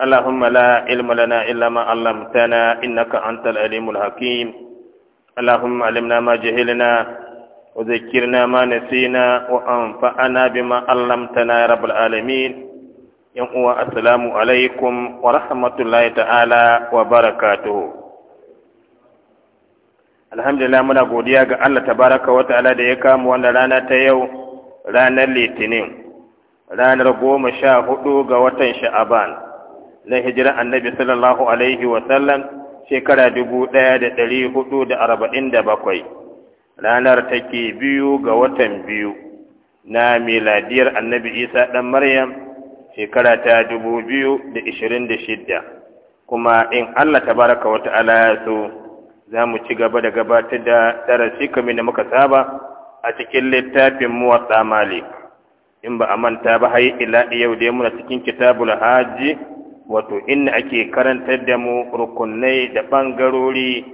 اللهم لا علم لنا إلا ما علمتنا إنك أنت العليم الحكيم اللهم علمنا ما جهلنا وذكرنا ما نسينا وأنفعنا بما علمتنا يا رب العالمين يوم السلام عليكم ورحمة الله تعالى وبركاته alhamdulillah muna godiya ga Allah tabaraka wa ta'ala da ya kama wannan rana ta yau ranar litinin ranar goma sha hudu ga watan sha'aban na hijiran annabi sallallahu alaihi wasallam shekara dubu ɗaya da ɗari hudu da arba'in da bakwai ranar take biyu ga watan biyu na miladiyar annabi isa ɗan maryam shekara ta dubu biyu da ishirin da shidda kuma in allah tabaraka wa ta'ala ya so za mu ci gaba da gabatar da darasi kamar da muka saba a cikin littafin muwatsa malik in ba a manta ba har ila yau da muna cikin kitabul Hajji. wato inda ake karantar da mu rukunai da ɓangarori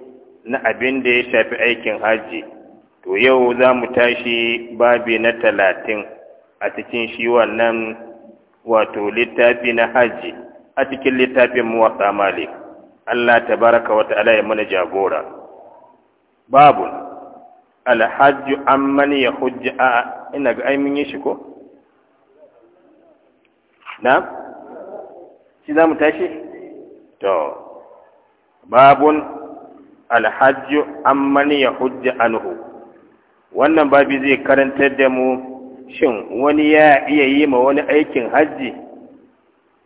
na abin da ya shafi aikin hajji to yau za mu tashi babi na talatin a cikin shi wannan wato littafi na hajji a cikin littafin muwatsa malik allah ta wa ta'ala ya mana jagora babu alhajju amman ya hujja a ina ga aimin yi shi ko na shi za mu tashi to babun alhajju amman ya hujja anhu wannan babi zai karantar da mu shin wani ya iya yi ma wani aikin hajji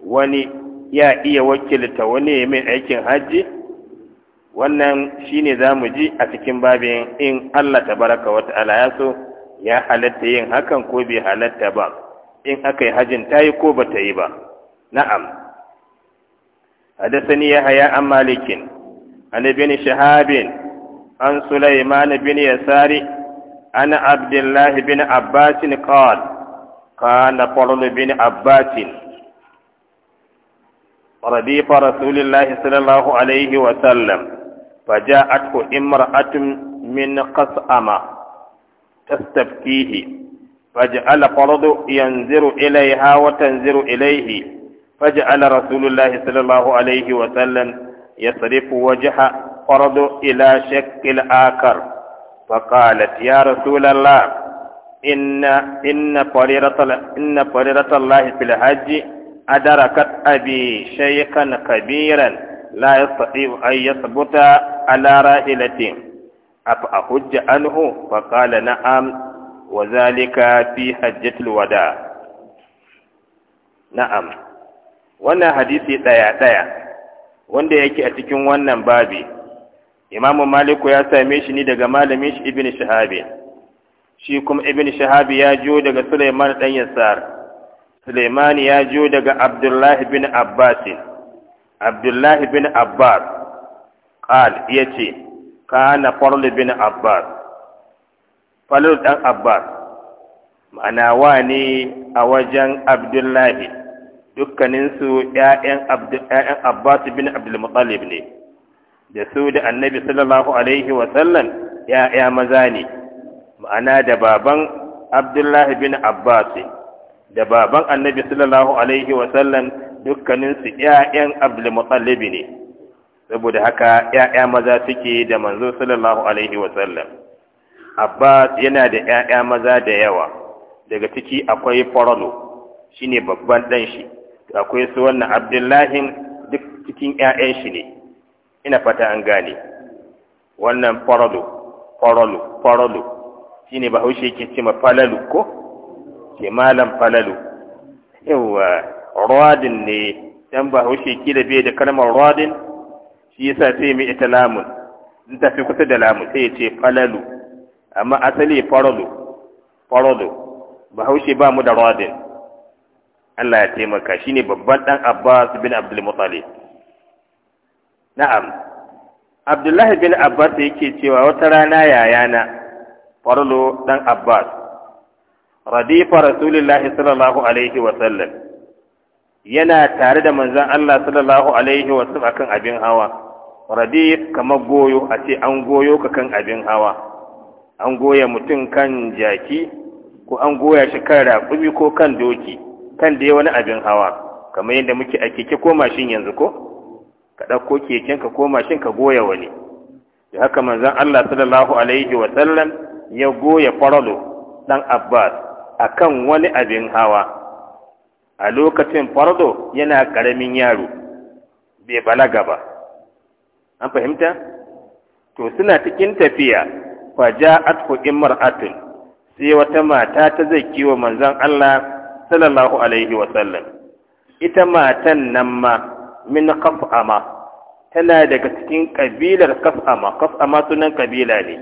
wani ya iya wakilta wani ya mai aikin hajji wannan shine za mu ji a cikin babin in Allah Ta baraka wata ya so ya halatta yin hakan ko bai halatta ba in aka yi hajjin ta yi ko ba ta yi ba na'am حدثني يحيى عن مالك عن ابن شهاب عن سليمان بن يسار عن عبد الله بن عباس قال كان فضل بن عباس رديف رسول الله صلى الله عليه وسلم فجاءته امرأة من قصأمة تستبكيه فجعل فرض ينزر إليها وتنزر إليه فجعل رسول الله صلى الله عليه وسلم يصرف وجه فرض إلى شك الآخر فقالت يا رسول الله إن إن فريرة إن فريرة الله في الحج أدركت أبي شيخا كبيرا لا يستطيع أن يثبت على راحلته أفأحج عنه فقال نعم وذلك في حجة الوداع نعم wannan hadisi ɗaya ɗaya wanda yake a cikin wannan babi imamu maliku ya same shi ni daga malamin shi ibn shahabi shi kuma ibn shahabi ya jiyo daga suleiman ɗan yasar suleiman ya jiyo daga abdullahi bin abbas abdullahi bin abbas qal yace kana farl bin abbas farl dan abbas ma'ana wa ne a wajen abdullahi dukkaninsu ‘ya'yan Abbas bin Abdulmutsalib ne, da su da annabi sallallahu Alaihi wasallam ‘ya'ya maza ne, ma'ana da baban Abdullahi bin Abbas da baban annabi sallallahu Alaihi wasallam dukkaninsu ‘ya'yan Abdulmutsalib ne, saboda haka ‘ya'ya maza suke da manzo sallallahu Alaihi wasallam. Abbas yana da ‘ya'ya maza da yawa, daga ciki akwai faralo, shi ne babban ɗan shi. akwai su wannan abdullahi duk cikin 'ya'yan shi ne ina fata an gane wannan faralu-faralu-faralu shi ne bahaushe yake ce falalu ko ke malam falalu yawa rodin ne dan bahaushe ki da bai da kalmar rodin shi yasa sai mai ita lamun in tafi kusa da lamun sai ya ce falalu amma asali faralu-faralu. bahaushe ba mu da rodin Allah ya taimaka shi ne babban ɗan Abbas bin Abdul Muttalib na'am Abdullahi bin Abbas yake cewa wata rana yayana farlo ɗan Abbas radifa Rasulullahi sallallahu alaihi wa yana tare da manzan Allah sallallahu alaihi wa akan abin hawa radif kamar goyo a ce an goyo ka kan abin hawa an goya mutum kan jaki ko an goya shi kan rafi ko kan doki kan dai wani abin hawa kamar yadda muke a keke ko mashin yanzu ko ka ɗauko keken ka ko mashin ka goya wani da haka manzan Allah sallallahu alaihi wa ya goya farolo ɗan Abbas a kan wani abin hawa a lokacin farolo yana ƙaramin yaro bai balaga ba an fahimta to suna cikin tafiya fa ja'at hu imra'atun sai wata mata ta zai kiwo manzon Allah sallallahu alaihi wasallam ita matan nan ma min kaf'ama tana daga cikin kabilar kaf'ama kaf'ama sunan kabila ne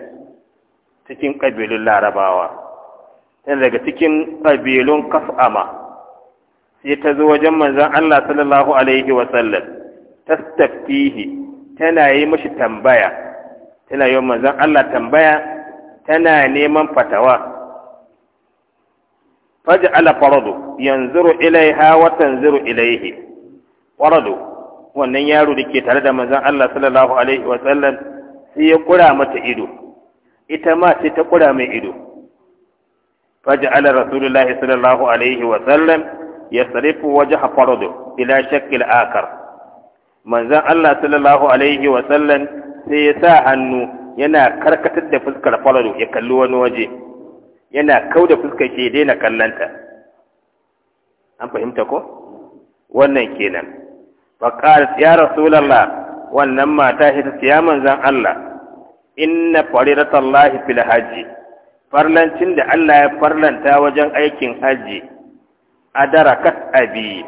cikin kabilun larabawa tana daga cikin kabilun kaf'ama sai ta zo wajen manzon Allah sallallahu alaihi wasallam tastaftihi tana yi mashi tambaya tana yi manzon Allah tambaya tana neman fatawa faj'ala faradu yanzuru ilaiha wa tanzuru ilaihi faradu wannan yaro da ke tare da manzon Allah sallallahu alaihi wa sallam sai ya kura mata ido ita ma sai ta kura mai ido faj'ala rasulullahi sallallahu alaihi wa sallam yasrifu wajha faradu ila shakkil akar manzon Allah sallallahu alaihi wa sallam sai ya sa hannu yana karkatar da fuskar faradu ya kalli wani waje yana da fuskar shi ya daina kallanta an fahimta ko wannan kenan qala ya rasulullah wannan mata shi ta siya manzon Allah inna faridatallahi fil haji farlancin da Allah ya farlanta wajen aikin hajji adarakat abi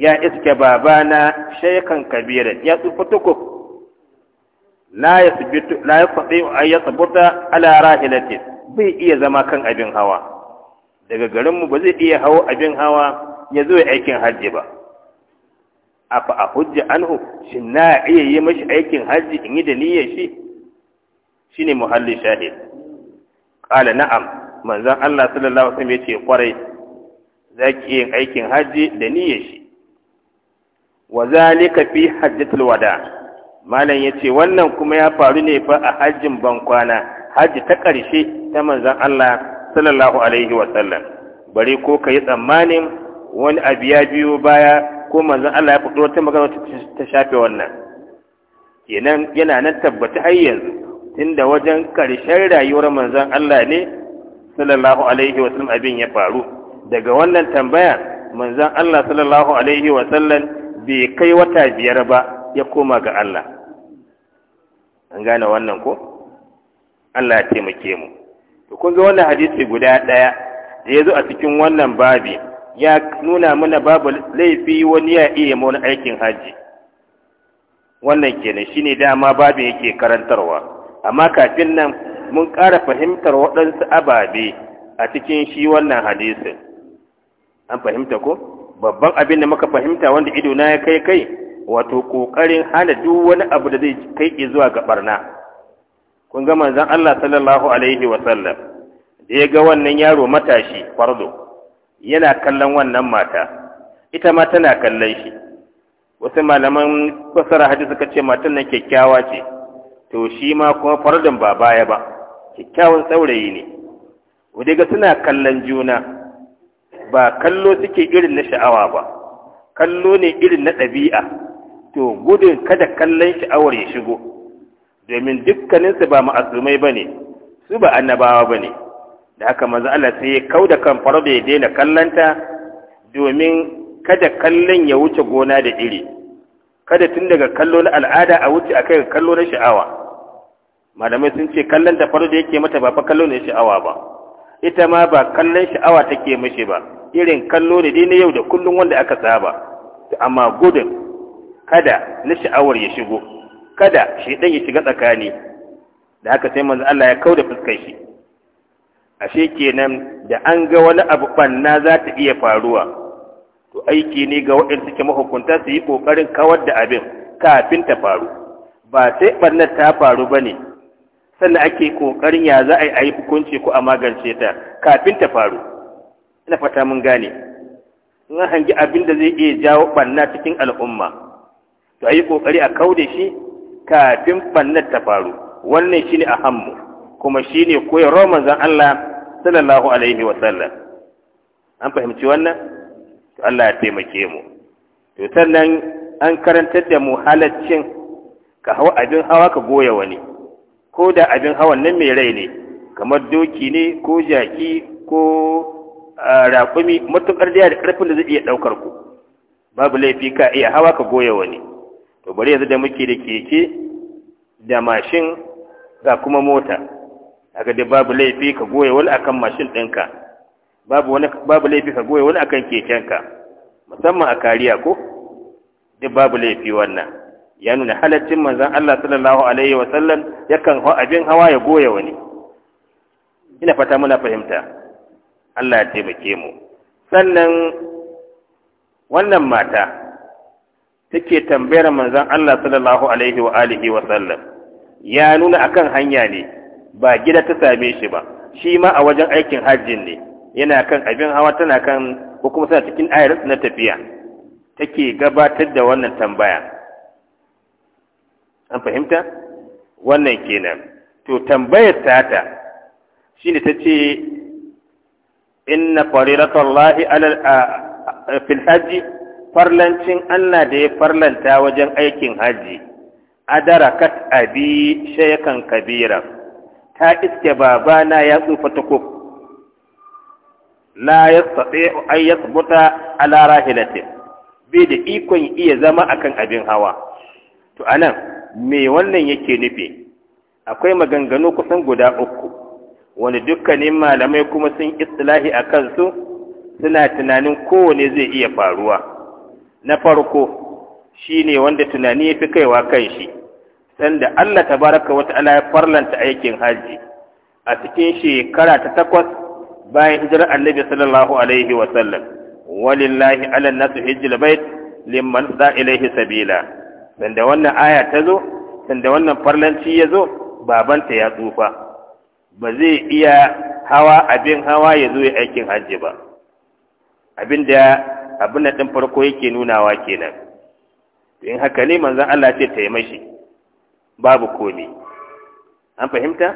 ya iske babana shaykan kabira ya tsufa la yasbitu la yasbitu an yathbuta ala rahilatihi bai iya zama kan abin hawa daga garinmu ba zai iya hawa abin hawa ya zo aikin hajji ba afa a hujja anhu shi na iya yi mashi aikin hajji in yi da niyyar shi shi ne muhalli shahid ƙala na'am manzan Allah sallallahu alaihi wasallam ya ce kwarai za ki yin aikin hajji da niyyar shi wa zalika fi hajjatul wada malam ya ce wannan kuma ya faru ne fa a hajjin bankwana hajji ta ƙarshe ta manzan Allah sallallahu alaihi wa sallam bari ko ka yi tsammanin wani abu ya biyo baya ko manzan Allah ya fito wata magana ta shafe wannan kenan yana nan tabbata har yanzu tunda wajen ƙarshen rayuwar manzan Allah ne sallallahu alaihi wa sallam abin ya faru daga wannan tambaya manzan Allah sallallahu alaihi wa sallam bai kai wata biyar ba ya koma ga Allah an gane wannan ko Allah ya taimake mu to kun ga wannan hadisi guda ɗaya da ya zo a cikin wannan babi ya nuna mana babu laifi wani ya iya wani aikin hajji wannan kenan shine dama babu yake karantarwa amma kafin nan mun ƙara fahimtar waɗansu ababe a cikin shi wannan hadisin an fahimta ko babban abin da muka fahimta wanda ido na ya kai kai wato ƙoƙarin hana duk wani abu da zai kai zuwa ga barna kun ga manzon Allah sallallahu alaihi wa sallam da ya ga wannan yaro matashi fardo yana kallon wannan mata ita ma tana kallon shi wasu malaman fasara hadisi suka ce matan nan kyakkyawa ce to shi ma kuma fardon ba baya ba kyakkyawan saurayi ne wadda ga suna kallon juna ba kallo suke irin na sha'awa ba kallo ne irin na ɗabi'a to gudun kada kallon sha'awar ya shigo domin dukkaninsu ba ma'azumai ba ne su ba annabawa ba ne da haka manzo Allah sai ya kau da kan farbe ya daina kallanta domin kada kallon ya wuce gona da iri kada tun daga kallo na al'ada a wuce akai ga kallo na sha'awa malamai sun ce kallon da farbe yake mata ba fa kallo ne sha'awa ba ita ma ba kallon sha'awa take mishi ba irin kallo ne dai na yau da kullum wanda aka saba amma gudun kada na sha'awar ya shigo kada shi ɗan ya shiga tsakani da haka sai manzo Allah ya kauda fuskar shi ashe kenan da an ga wani abu banna za ta iya faruwa to aiki ne ga waɗanda suke mahukunta su yi ƙoƙarin kawar da abin kafin ta faru ba sai banna ta faru ba ne sannan ake ƙoƙarin ya za a yi hukunci ko a magance ta kafin ta faru ina fata mun gane in hangi abin da zai iya jawo banna cikin al'umma to a yi ƙoƙari a kaude shi kafin fannin ta faru wannan shine ahammu kuma shine koyarwar manzon Allah sallallahu alaihi wa sallam an fahimci wannan to Allah ya taimake mu to sannan an karantar da mu halaccin ka hawa abin hawa ka goya wani ko da abin hawan nan mai rai ne kamar doki ne ko jaki ko raƙumi matuƙar da da ƙarfin da zai iya ɗaukar ku babu laifi ka iya hawa ka goya wani to bari yanzu da muke da keke da mashin ga kuma mota haka da babu laifi ka goye wani akan mashin ɗinka babu wani babu laifi ka goye wani akan kekenka musamman a kariya ko duk babu laifi wannan ya nuna halaccin manzon Allah sallallahu alaihi wa sallam yakan hawa abin hawa ya goye wani ina fata muna fahimta Allah ya taimake mu sannan wannan mata suke tambayar manzon Allah sallallahu alaihi wa alihi wa sallam ya nuna akan hanya ne ba gida ta same shi ba shi ma a wajen aikin hajjin ne yana kan abin hawa tana kan ko kuma tana cikin ayar na tafiya take gabatar da wannan tambaya an fahimta wannan kenan to tambayar tata shine tace inna fariratallahi alal fil hajji farlancin Allah da ya farlanta wajen aikin hajji adarakat abi shekan kabira ta iske babana ya tsufa tukuf la yastati'u an yathbuta a lara bai da ikon iya zama akan abin hawa to anan me wannan yake nufi akwai maganganu kusan guda uku wani dukkanin malamai kuma sun istilahi a kansu suna tunanin kowane zai iya faruwa na farko shi ne wanda tunani ya fi kaiwa kan shi sanda Allah Ta wata wata ya farlanta aikin hajji. a cikin shekara ta takwas bayan hijirar annabi sallallahu alaihi wa sallam walillahi ala nasu hijjil bait liman da ilaihi sabila sanda wannan aya ta zo sanda wannan farlanci ya zo babanta ya tsufa ba zai iya hawa abin hawa ya zo ya aikin hajji ba abin da abin da ɗin farko yake nunawa kenan in haka ne manzan Allah ce ta yi mashi babu komi an fahimta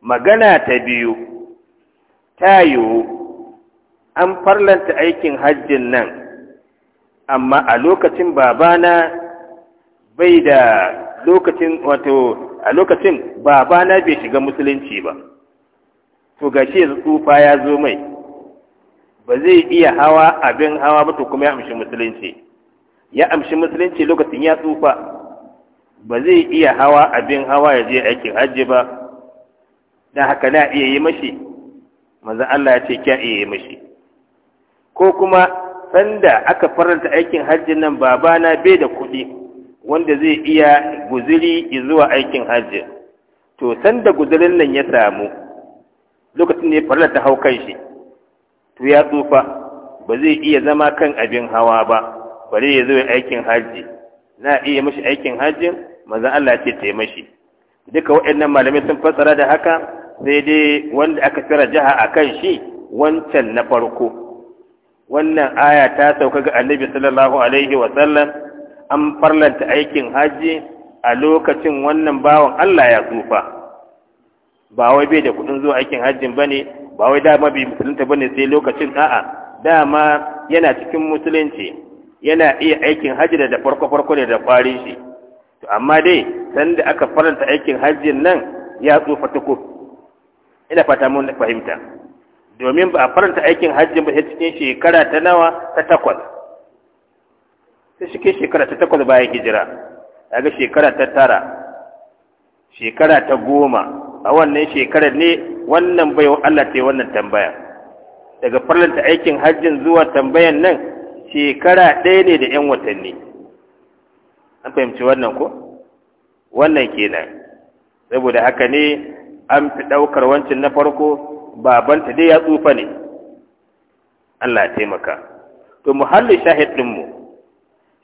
magana ta biyu ta yiwu an farlanta aikin hajjin nan amma a lokacin babana bai da lokacin wato a lokacin babana bai shiga musulunci ba to gashi yanzu tsufa ya zo mai ba zai iya hawa abin hawa ba to kuma ya amshi musulunci ya amshi musulunci lokacin ya tsufa ba zai iya hawa abin hawa ya je aikin hajji ba dan haka na iya yi mashi manzo Allah ya ce kya iya yi mashi ko kuma sanda aka faranta aikin hajji nan babana bai da kuɗi wanda zai iya guziri zuwa aikin hajji to sanda guzirin nan ya samu lokacin ne farla ta hau kan shi to ya tsufa ba zai iya zama kan abin hawa ba bare ya zo aikin hajji Na iya mashi aikin hajjin Maza Allah ce ta mashi duka waɗannan malamai sun fassara da haka sai dai wanda aka tsara jiha a kan shi wancan na farko wannan aya ta sauka ga annabi sallallahu alaihi wa sallam an farlanta aikin hajji a lokacin wannan bawan Allah ya tsufa ba wai bai da kuɗin zuwa aikin hajjin bane ba wai dama bai musulunta bane sai lokacin a'a dama yana cikin musulunci yana iya aikin hajji da da farko farko ne da kwari shi to amma dai san da aka faranta aikin hajjin nan ya tsufa tuku ina fata mun fahimta domin ba a faranta aikin hajjin ba sai cikin shekara ta nawa ta takwas sai cikin shekara ta takwas bayan hijira daga shekara ta tara shekara ta goma a wannan shekarar ne wannan bai Allah yi wannan tambaya daga farlanta aikin hajjin zuwa tambayan nan shekara ɗaya ne da 'yan watanni an fahimci wannan ko wannan kenan saboda haka ne an fi ɗaukar wancan na farko babanta dai ya tsufa ne Allah ya taimaka to muhallin shahid ɗinmu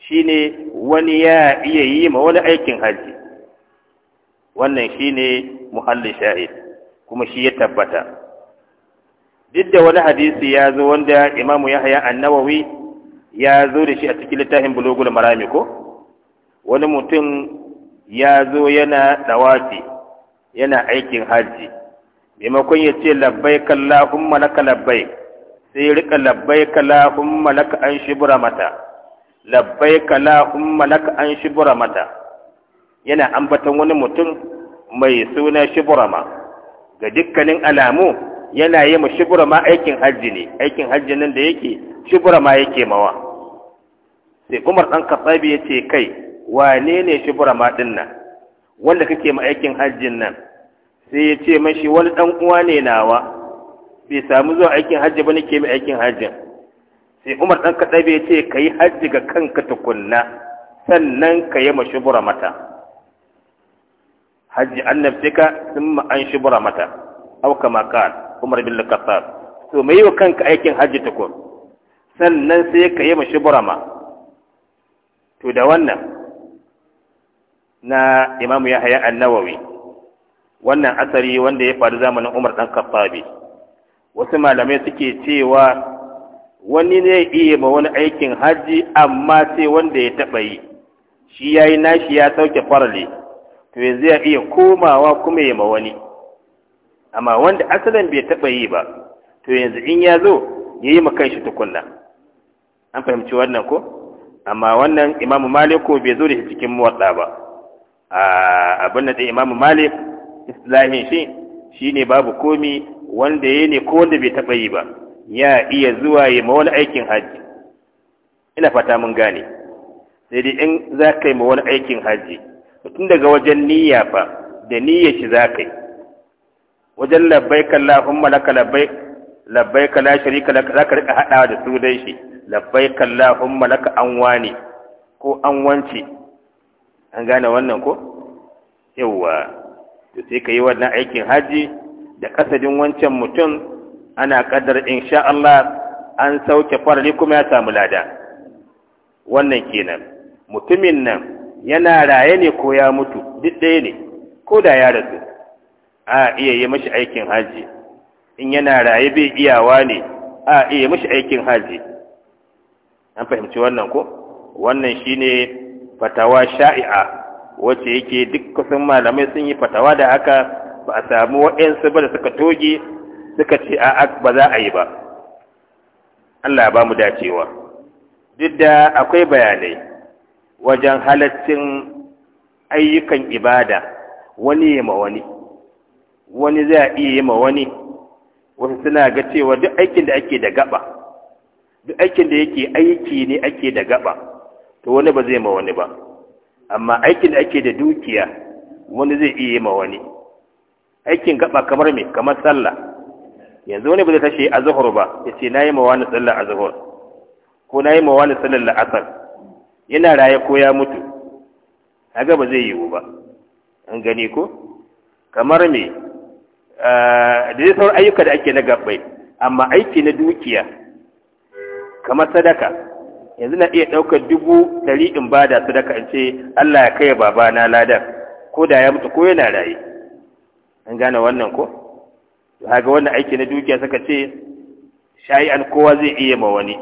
shine wani ya iya yi ma wani aikin hajji wannan shi ne muhalli shaid kuma shi ya tabbata duk da wani hadisi ya zo wanda imamu yahya annawawi ya zo da shi a cikin littafin bulogul marami ko wani mutum ya zo yana dawafi yana aikin hajji maimakon ya ce labbai kallahumma laka labbai sai rika labbai kallahumma laka an shibura mata labbai kallahumma laka an shibura mata yana ambaton wani mutum mai suna shiburama ga dukkanin alamu yana yi ma shiburama aikin hajji ne aikin hajji nan da yake shiburama yake mawa sai umar dan katsabi ya ce kai wane ne shiburama din nan wanda kake ma aikin hajjin nan sai ya ce mashi wani dan uwa ne nawa bai samu zuwa aikin hajji ba nake mai aikin hajjin sai umar dan katsabi ya ce ka yi hajji ga kanka tukunna sannan ka yi ma shubura mata hajji annabtika thumma an shubra mata aw kama qal Umar bin Khattab to mai wa kanka aikin hajji ko sannan sai ka yi mashi ma. to da wannan na imamu ya haya Nawawi. wannan asari wanda ya faru zamanin umar ɗan kafabi wasu malamai suke cewa wani ne iya ma wani aikin hajji amma sai wanda ya taɓa yi shi ya yi nashi ya sauke farale. to yanzu ya iya komawa kuma ya ma wani amma wanda asalin bai taɓa yi ba to yanzu in ya zo ya yi makan shi tukunna an fahimci wannan ko amma wannan imamu maliku bai zo da cikin muwaɗa ba abin da imamu malik islahin shi shi ne babu komi wanda ya ne ko wanda bai taɓa yi ba ya iya zuwa ya ma wani aikin hajji ina fata mun gane sai dai in za ka yi ma wani aikin hajji tun daga wajen niyya fa da niyya shi za ka yi wajen labbai kallahumma laka labbai labbai kala sharika laka za ka rika haɗawa da su dai shi labbai kallahumma laka an wane ko an wance an gane wannan ko yawwa to sai ka yi wannan aikin haji da kasadin wancan mutum ana kadar insha Allah an sauke farali kuma ya samu lada wannan kenan mutumin nan yana raye ne ko ya mutu duk ɗaya ne ko da ya rasu a iya yi mashi aikin haji in yana raye bai iyawa ne a iya yi mashi aikin haji an fahimci wannan ko wannan shine fatawa sha'i'a wacce yake duk kusan malamai sun yi fatawa da haka ba a samu waɗansu ba da suka toge suka ce a ba za a yi ba Allah ba mu dacewa duk da akwai bayanai wajen halaccin ayyukan ibada wani ya ma wani wani zai iya yi ma wani wasu suna ga cewa duk aikin da ake da gaba duk aikin da yake aiki ne ake da gaba to wani ba zai ma wani ba amma aikin da ake da dukiya wani zai iya yi ma wani aikin gaba kamar me kamar sallah yanzu wani ba zai tashi a zuhur ba ya ce na yi ma wani sallah a zuhur ko na yi ma wani sallah la'asar yana raye ko ya mutu haka ba zai yiwu ba an gani ko kamar me ah, da zai sauran ayyuka da ake na gabbai amma aiki na dukiya kamar sadaka yanzu na iya ɗaukar dubu ɗari in ba da sadaka in ce Allah ya kai babana ladan ko da ya mutu ko yana raye an gane wannan ko haga wannan aiki na dukiya suka ce shayi an kowa zai iya ma wani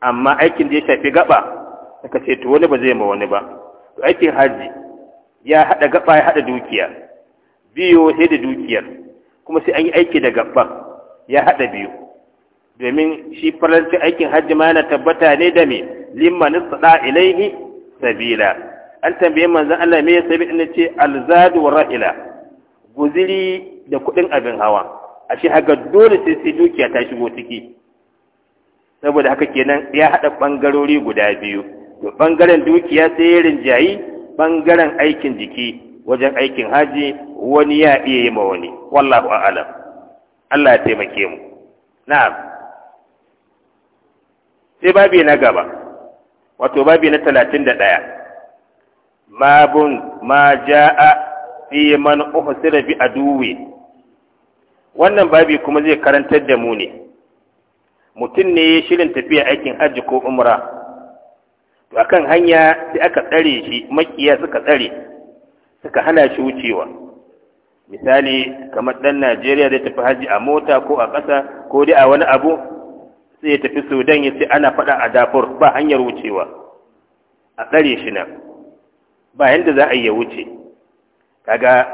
amma aikin da ya shafi gaba suka ce to wani ba zai ma wani ba to aikin haji ya hada gaba ya hada dukiya biyo sai da dukiyar kuma sai an yi aiki da gaba ya hada biyu domin shi faranci aikin hajji ma yana tabbata ne da me limman istada ilaihi sabila an tambaye manzon Allah me ya sabi ina ce alzadu wa ra'ila guziri da kuɗin abin hawa ashe haka dole sai sai dukiya ta shigo ciki saboda haka kenan ya hada ɓangarori guda biyu to bangaren dukiya sai ya rinjayi bangaren aikin jiki wajen aikin haji wani ya iya yi ma wani wallahu a'lam Allah ya taimake mu na'am sai babi na gaba wato babi na 31 mabun ma jaa fi man uhsira bi aduwi wannan babi kuma zai karantar da mu ne mutum ne ya shirin tafiya aikin hajji ko umra to akan hanya sai aka tsare shi makiya suka tsare suka hana shi wucewa misali kamar ɗan najeriya zai tafi haji a mota ko a ƙasa ko dai a wani abu sai ya tafi sudan ya ce ana faɗa a dafur ba hanyar wucewa a tsare shi nan ba yadda za a yi wuce kaga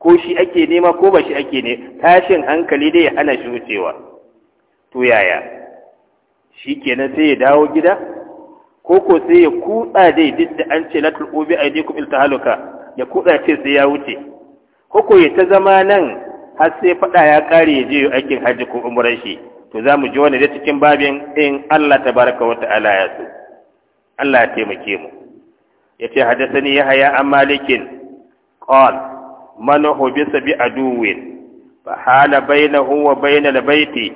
ko shi ake nema ko ba shi ake ne tashin hankali dai ya hana shi wucewa to yaya shi kenan sai ya dawo gida ko ko sai ya kuɗa dai duk da an ce latul ubi aidikum iltahaluka ya kuɗa ce sai ya wuce ko ko ya ta zama nan har sai faɗa ya ƙare ya je aikin hajji ko umrar shi to za mu ji wani da cikin babin in Allah baraka wa ta'ala ya so Allah ya taimake mu sani ya haya an malikin qal man hubisa bi aduwin ba hala bainahu wa bainal baiti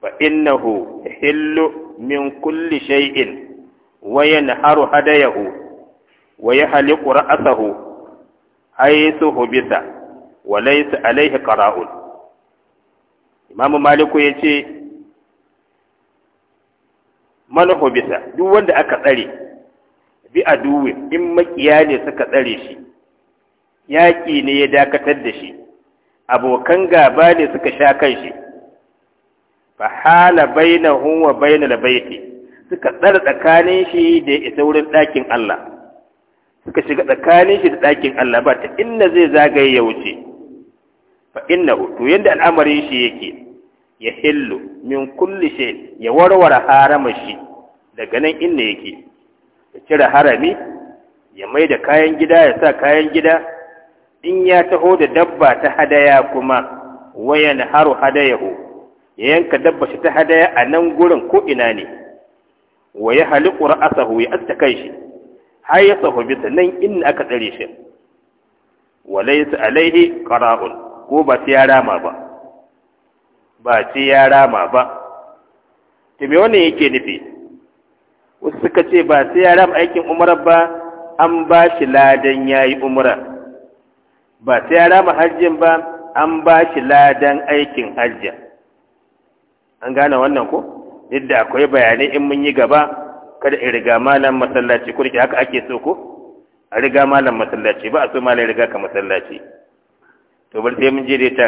fa innahu hillu min kulli shay'in wa yanharu hadayahu wa yahliqu ra'sahu haythu hubisa wa laysa alayhi qara'un imamu maliku yace man hubisa duk wanda aka tsare bi aduwi in makiya ne suka tsare shi yaƙi ne ya dakatar da shi abokan gaba ne suka sha kan shi fa hala bainahum wa bainal baiti suka tsara tsakanin shi da ya isa wurin ɗakin Allah suka shiga tsakanin shi da ɗakin Allah ba ta inna zai zagaye ya wuce fa inna to yanda al'amarin shi yake ya hillu min kulli shay ya warware harama shi daga nan inna yake ya cire harami ya mai da kayan gida ya sa kayan gida in ya taho da dabba ta hadaya kuma wayan haru hadayahu ya yanka dabba shi ta hadaya a nan gurin ko ina ne wa ya haliku ra'asahu ya aska kai shi har ya bisa nan in aka tsare shi wa laisa alaihi qara'un ko ba ta ya rama ba ba ta ya rama ba to me wannan yake nufi wasu suka ce ba ta yara ma aikin umrar ba an ba shi ladan yayi umra ba ta yara ma hajjin ba an ba shi ladan aikin hajji an gane wannan ko duk da akwai bayanai in mun yi gaba kada in riga malam masallaci ko da haka ake so ko a riga malam masallaci ba a so malam riga ka masallaci to bar sai mun je dai ta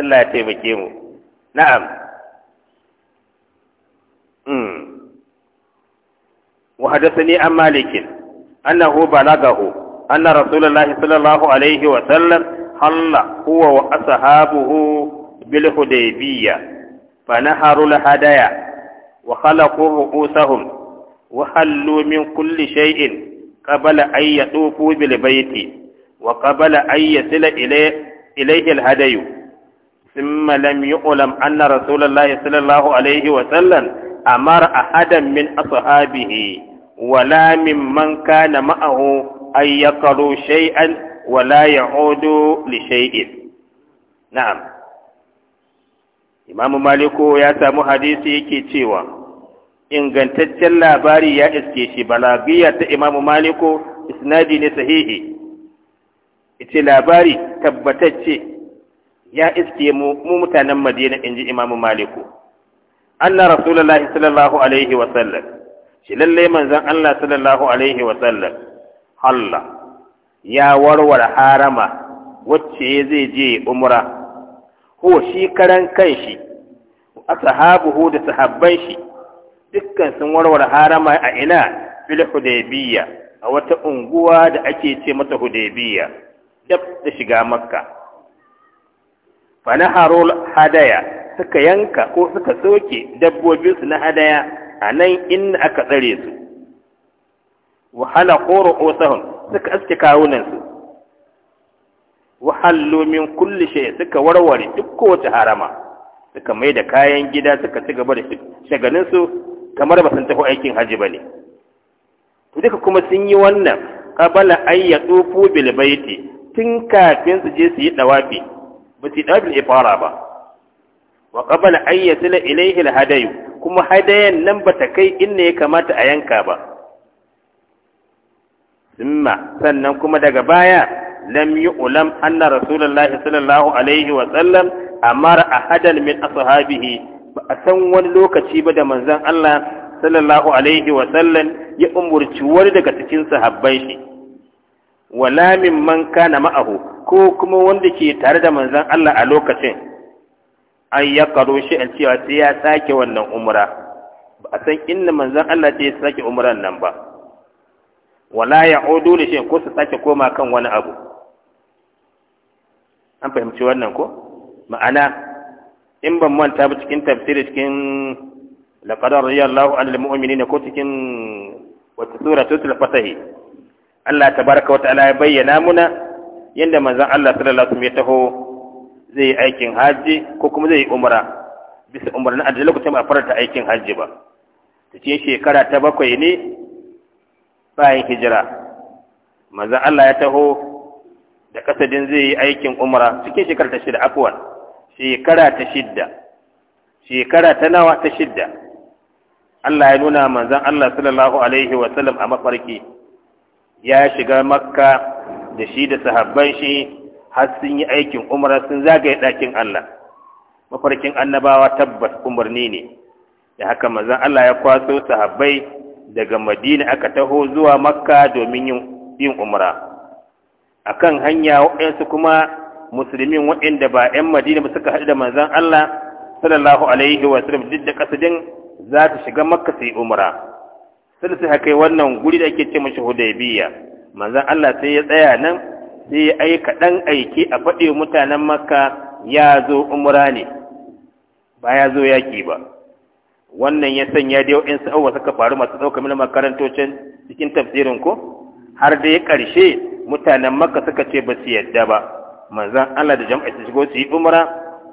Allah ya taimake mu na'am mm wa hadathani an malikin annahu balagahu anna rasulullahi sallallahu alaihi wa sallam halla huwa wa ashabuhu bil hudaybiyya fa naharu al hadaya وخلقوا رؤوسهم وحلوا من كل شيء قبل أن يطوفوا بالبيت وقبل أن يصل إليه, إليه الهدي ثم لم يعلم أن رسول الله صلى الله عليه وسلم أمر أحدا من أصحابه ولا ممن كان معه أن يقروا شيئا ولا يعودوا لشيء نعم imamu maliku ya samu hadisi yake cewa ingantaccen labari ya iske shi balagiya ta imamu maliku isnadi ne sahihi ita labari tabbatacce ya iske mu mutanen madina inji imamu maliku anna rasulullahi sallallahu alaihi wa sallam shi lalle manzon Allah sallallahu alaihi wa sallam Allah ya warware harama wacce zai je umra ko shi karan kanshi a sahabuhu da sahabban shi dukkan sun warware harama a ina fil hudaybiya a wata unguwa da ake ce mata hudaybiya dab da shiga makka fa naharul hadaya suka yanka ko suka soke su na hadaya a nan aka tsare su wahala halaqu ru'usahum suka aske kawunansu wahallo min kulli shay suka warware duk kowace harama suka mai da kayan gida suka ci gaba da shagalin su kamar ba sun tafi aikin haji bane to duka kuma sun yi wannan qabala ay yatufu bil baiti tun kafin su je su yi dawafi ba su yi dawafi ifara ba wa qabala ay yasila ilayhi al hadayu kuma hadayan nan ba ta kai inda ya kamata a yanka ba summa sannan kuma daga baya lam yu'lam anna rasulullahi sallallahu alaihi wa sallam amara ahadan min ashabihi ba a san wani lokaci ba da manzon Allah sallallahu alaihi wa sallam ya umurci wani daga cikin sahabbai shi wala mimman kana ma'ahu ko kuma wanda ke tare da manzon Allah a lokacin an ya shi an cewa sai ya sake wannan umra ba a san inda manzon Allah ce ya sake umran nan ba wala ya odo da shi ko su sake koma kan wani abu an fahimci wannan ko ma'ana in ban manta ba cikin tafsiri cikin laqadar radiyallahu anil mu'minina ko cikin wata sura tutul fatahi Allah tabaraka wa ta'ala ya bayyana muna yanda manzon Allah sallallahu alaihi wasallam ya taho zai aikin haji ko kuma zai umra bisa umarnin a lokacin ba farata aikin haji ba ce shekara ta bakwai ne bayan hijira manzon Allah ya taho da kasadin zai yi aikin umra cikin shekara ta shida afwan shekara ta shidda shekara ta nawa ta shidda Allah ya nuna manzon Allah sallallahu alaihi wa sallam a mafarki ya shiga makka da shi da sahabban shi har sun yi aikin umra sun zagaye ɗakin Allah mafarkin annabawa tabbas umarni ne da haka manzon Allah ya kwaso sahabbai daga Madina aka taho zuwa Makka domin yin umra akan hanya waɗansu kuma musulmin waɗanda ba 'yan madina ba suka haɗu da manzon Allah sallallahu alaihi wa sallam duk da kasadin za ta shiga makka sai umra sai su haka wannan guri da ake ce mashi hudaybiya manzon Allah sai ya tsaya nan sai ya aika dan aiki a faɗi mutanen makka ya zo umra ne ba ya zo yaki ba wannan ya sanya da yau'in sa'awa suka faru masu ɗaukar mana makarantocin cikin tafsirin ko har da ya ƙarshe mutanen maka suka ce ba su yadda ba manzan Allah da jam'a su shigo su yi umra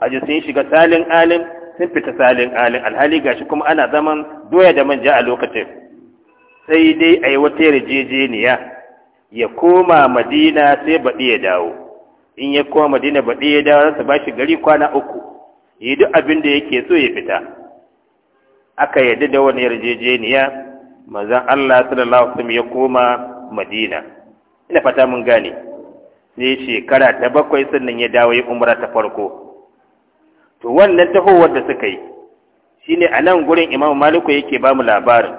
a ji sun shiga salin alim sun fita salin alim alhali gashi kuma ana zaman doya da manja a lokacin sai dai a yi wata yarjejeniya ya koma madina sai baɗi ya dawo in ya koma madina baɗi ya dawo zasu su ba shi gari kwana uku yi duk abin da yake so ya fita aka yarda da wani yarjejeniya manzan Allah sallallahu alaihi wasallam ya koma madina ina fata mun gane ne shekara ta bakwai sannan ya dawo ya umra ta farko to wannan tahowar da suka yi shine a nan gurin imam maliku yake ba mu labarin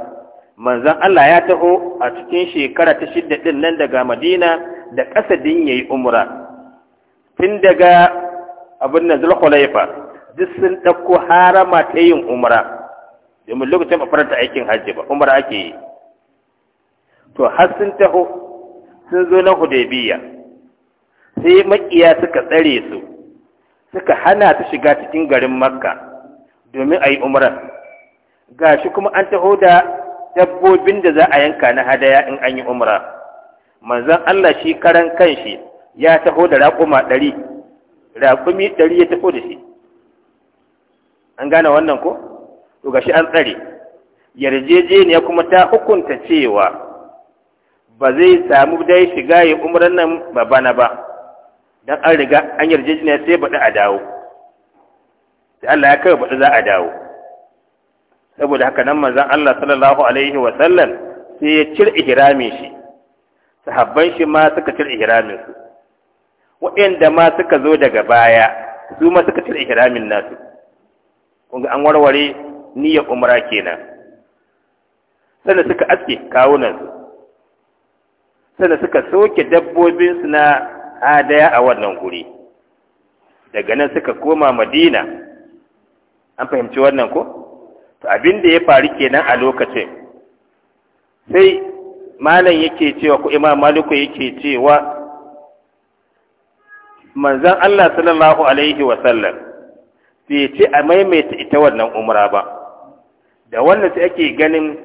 manzon Allah ya taho a cikin shekara ta shidda din nan daga madina da ƙasa ya yi umra tun daga abin nan zulhulaifa duk sun ɗauko harama ta yin umara domin lokacin ba faranta aikin hajji ba umara ake yi to har sun taho sun zo na Hudaibiya. sai makiya suka tsare su suka hana su shiga cikin garin makka domin a yi umran shi kuma an taho da dabbobin da za a yanka na hadaya in an yi umra manzon Allah shi karan kanshi ya taho da raƙuma ɗari raƙumi ɗari ya taho da shi an gane wannan ko to gashi an tsare yarjejeniya kuma ta hukunta cewa ba zai samu dai shiga ya umran nan ba bana ba dan an riga an yarjejina sai baɗi a dawo sai Allah ya kai baɗi za a dawo saboda haka nan manzon Allah sallallahu alaihi wa sallam sai ya cire ihramin shi sahabban shi ma suka cire ihramin su waɗanda ma suka zo daga baya su ma suka cire ihramin nasu kun ga an warware niyyar umra kenan sannan suka aske kawunan su sannan suka soke dabbobinsu na hadaya a wannan guri daga nan suka koma madina an fahimci wannan ko to abin da ya faru kenan a lokacin sai malam yake cewa ko imam maliku yake cewa manzan Allah sallallahu alaihi wasallam bai ce a maimaita ita wannan umra ba da wannan sai ake ganin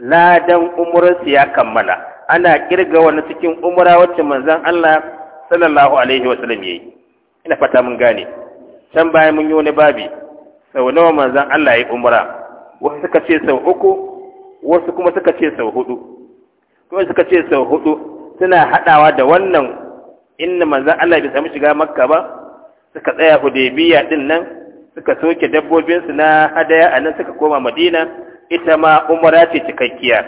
ladan umrarsa ya kammala ana kirga wani cikin umura wacce manzan Allah sallallahu alaihi wa sallam yayi ina fata mun gane can bayan mun yi wani babi sau nawa manzan Allah yayi umura. wasu suka ce sau uku wasu kuma suka ce sau hudu kuma suka ce sau hudu suna haɗawa da wannan inna manzan Allah bai samu shiga makka ba suka tsaya hudaybiya din nan suka soke dabbobinsu na hadaya a nan suka koma madina ita ma umara ce cikakkiya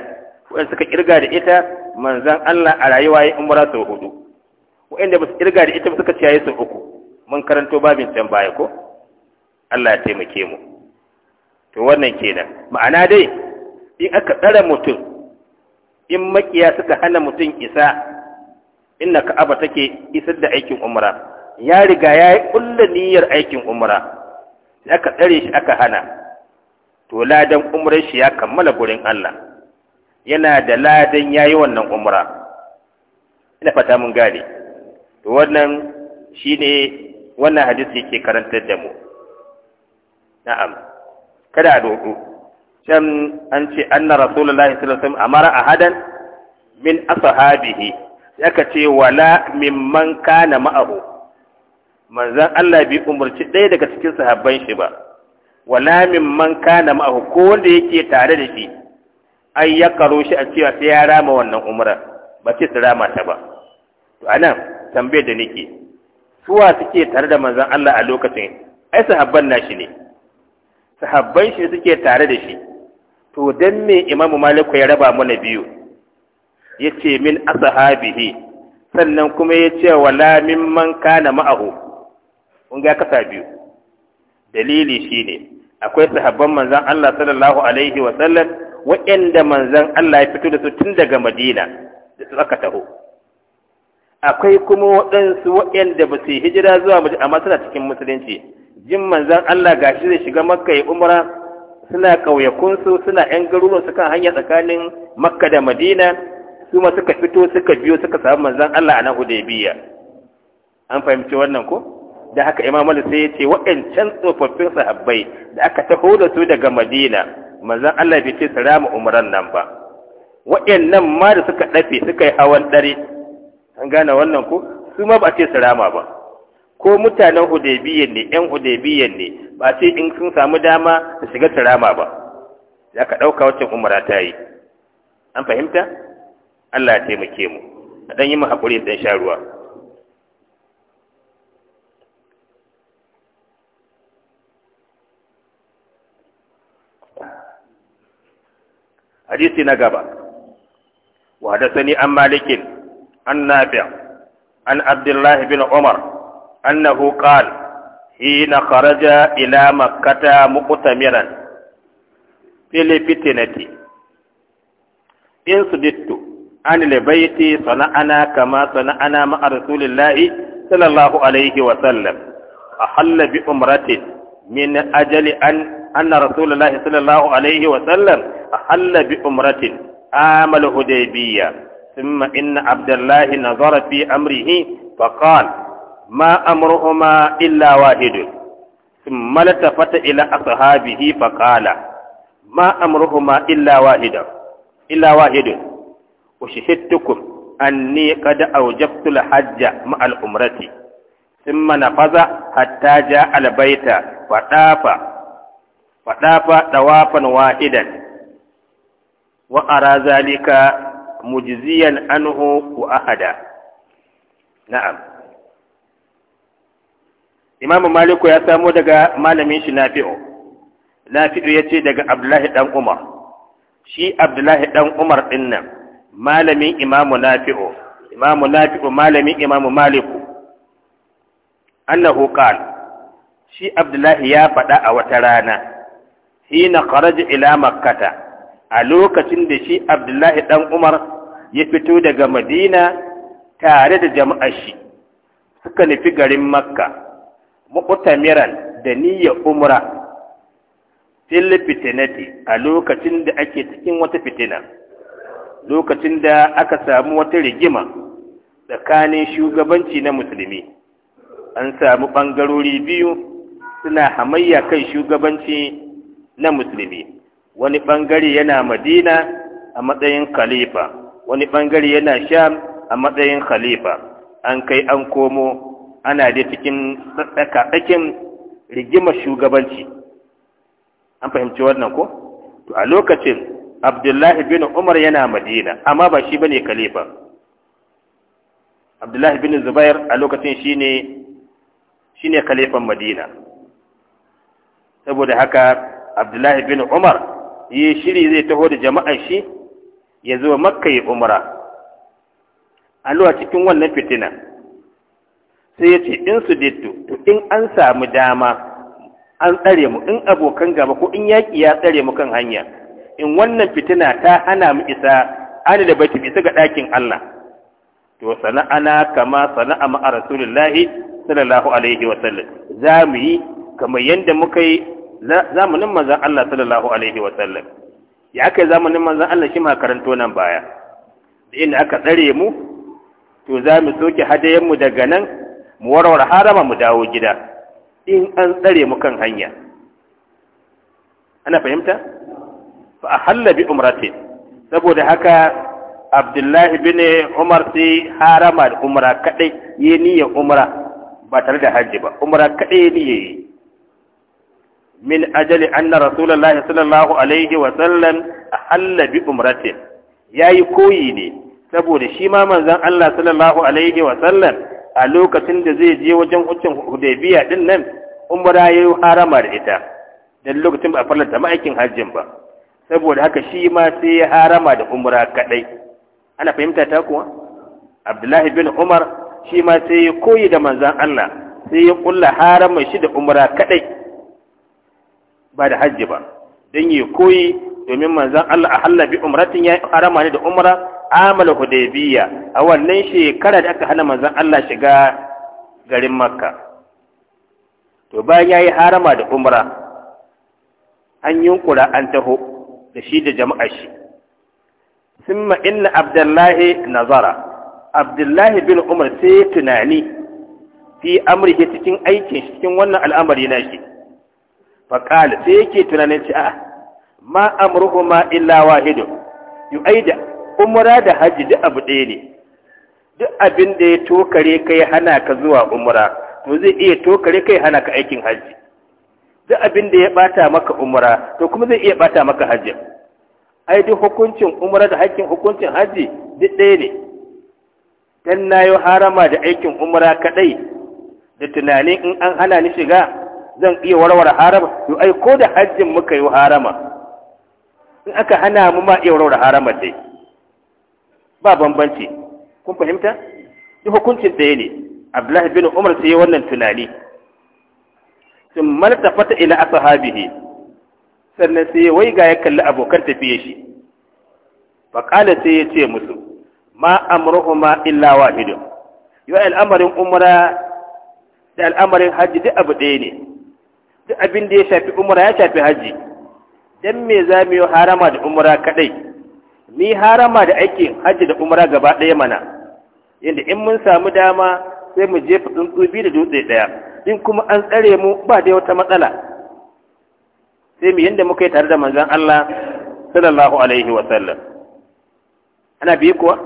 wanda suka kirga da ita manzan Allah a rayuwa ya umara sau hudu wa'inda ba su kirga da ita ba suka ce yayi sau uku mun karanto babin can baya ko Allah ya taimake mu to wannan kenan ma'ana dai in aka tsara mutum in makiya suka hana mutum isa inna aba take isar da aikin umra ya riga ya yi kulla niyyar aikin umra aka tsare shi aka hana to ladan umrar shi ya kammala gurin Allah yana da ladan ya yi wannan umra ina fata mun gane to wannan shi ne wannan hadisi ke karantar da mu na'am kada a dogo can an ce anna rasulullahi sallallahu alaihi wasallam amara ahadan min ashabihi yaka ce wala mimman kana ma'ahu manzon Allah bi umurci ɗaya daga cikin sahabban shi ba wala mimman kana ma'ahu ko wanda yake tare da shi ai ya karo shi a cewa sai ya rama wannan umrar ba ce su rama ta ba to anan tambaye da nake suwa suke tare da manzon Allah a lokacin ai sahabban nashi ne sahabban shi suke tare da shi to dan me imamu maliku ya raba mana biyu yace min ashabihi sannan kuma yace wala mimman kana ma'ahu kun ga kasa biyu dalili shine akwai sahabban manzon Allah sallallahu alaihi wa sallam waɗanda manzan Allah ya fito da su tun daga Madina da su aka taho akwai kuma waɗansu waɗanda ba su yi hijira zuwa mutu amma suna cikin musulunci jin manzan Allah gashi zai shiga makka ya umara suna ƙauyakunsu suna ‘yan garuruwan su kan hanya tsakanin makka da madina su ma suka fito suka biyo suka samu manzan Allah a nan hudaybiya an fahimci wannan ko da haka imam Ali sai ya ce waɗancan tsofaffin sahabbai da aka taho da su daga madina manzon Allah bai ce salama umran nan ba wa'annan ma da suka dafe suka yi hawan dare an gane wannan ko su ma ba ce salama ba ko mutanen hudaybiyyan ne yan hudaybiyyan ne ba ce in sun samu dama su shiga salama ba ya ka dauka wacce umra ta yi an fahimta Allah ya taimake mu dan yi mu hakuri dan sha ruwa hadisi na gaba wa hadathani an malikin an nafi' an abdullah bin umar annahu qala hina kharaja ila makkata muqtamiran fil fitnati in sudittu an libaiti sana'ana kama sana'ana a rasulillahi sallallahu alaihi wa sallam ahalla bi umratin min ajali an anna rasulullahi sallallahu alaihi wa sallam ahalla bi umratin amal hudaybiyya thumma inna abdullahi nazara fi amrihi fa qala ma amruhuma illa wahidun ثم التفت إلى أصحابه فقال ما أمرهما إلا واحدا إلا واحد وشهدتكم أني قد أوجبت الحج مع الأمرة ثم نفذ حتى جاء البيت وطاف Faɗa fa ɗawafan wa'idan wa ara zalika mujiziyan anhu wa ahada na'am imamu maliku ya samo daga malamin shi nafi'u nafi'u ya ce daga abdullahi ɗan umar shi abdullahi ɗan umar ɗin nan malamin imamu nafi'u imamu nafi'u malamin imamu maliku annahu qala shi abdullahi ya faɗa a wata rana hina kharaj ila makkata a lokacin da shi abdullahi dan umar ya fito daga madina tare da jama'ar shi suka nufi garin makka muqtamiran da niyya umra fil fitnati a lokacin da ake cikin wata fitina lokacin da aka samu wata rigima tsakanin shugabanci na musulmi an samu ɓangarori biyu suna hamayya kan shugabanci na musulmi wani bangare yana madina a matsayin khalifa wani bangare yana sham a matsayin khalifa an kai an komo ana da cikin tsakatsakin rigimar shugabanci an fahimci wannan ko to a lokacin abdullahi bin umar yana madina amma ba shi bane khalifa abdullahi bin zubair a lokacin shine shine khalifan madina saboda haka abdullahi bin umar yi shiri zai taho da jama'ar shi ya zo makka ya umra alwa cikin wannan fitina sai ya ce in su dittu to in an samu dama an tsare mu in abokan gaba ko in yaƙi ya tsare mu kan hanya in wannan fitina ta hana mu isa ana da baiti bisa ga ɗakin Allah to sana'ana kama sana'a ma'a rasulullahi sallallahu alaihi wa sallam za mu yi kamar yadda muka yi zamanin manzan Allah sallallahu alaihi wa sallam ya kai zamanin manzan Allah shi ma nan baya da inda aka tsare mu to za mu soke hadayen mu daga nan mu warware harama mu dawo gida in an tsare mu kan hanya ana fahimta fa ahalla bi umrati saboda haka Abdullahi bin Umar sai harama da umra kadai yayi niyyar umra ba tare da hajji ba umra kadai ne yayi min ajali anna رسول sallallahu alaihi wa عليه وسلم bi بأمرته yayi koyi ne saboda shi ma manzon Allah sallallahu alaihi wa sallam a lokacin da zai je wajen huccin Hudaybiya din nan umra harama da ita dan lokacin ba a ma'aikin hajjin ba saboda haka shi ma sai ya harama da umra kadai ana fahimta ta kuwa abdullahi bin umar shi ma sai ya koyi da manzan allah sai ya kulla harama shi da umra kadai ba da hajji ba don yi koyi domin manzan Allah a halla bi umratin ya harama ne da umra amala hudaybiya a wannan shekara da aka hana manzan Allah shiga garin makka to bayan ya yi harama da umra an yunkura an taho da shi da jama'a shi summa inna abdullahi nazara abdullahi bin umar sai tunani fi amurke cikin aikin cikin wannan al'amari na shi فقال sai yake tunanin ما a ma amurhuma illa wahidun yu حج umra da hajji duk abu ɗaya ne duk abin ya tokare kai hana ka zuwa umra to zai iya tokare hana ka aikin duk abin da ya bata maka umra to kuma zai iya bata maka hajji ai duk hukuncin umra da hakkin hukuncin haji duk ɗaya ne dan nayi harama da aikin umra kadai da tunanin in an hana ni shiga zan iya warware harama to ai ko da hajjin muka yi harama in aka hana mu ma iya warware harama dai ba bambanci kun fahimta yi hukuncin ɗaya ne abdullahi bin umar sai wannan tunani sun fata ila ashabihi sannan sai wai ga ya kalli abokan tafiye shi faƙala sai ya ce musu ma amruhuma illa wahidun yi al'amarin umara da al'amarin hajji duk abu ɗaya ne duk abin da ya shafi umra ya shafi haji dan me za mu yi harama da umara kadai ni harama da aikin haji da umara gaba ɗaya mana yadda in mun samu dama sai mu jefa tsuntsu da dutse ɗaya in kuma an tsare mu ba da wata matsala sai mu yanda muka yi tare da manzon Allah sallallahu alaihi wa sallam ana biyu kuwa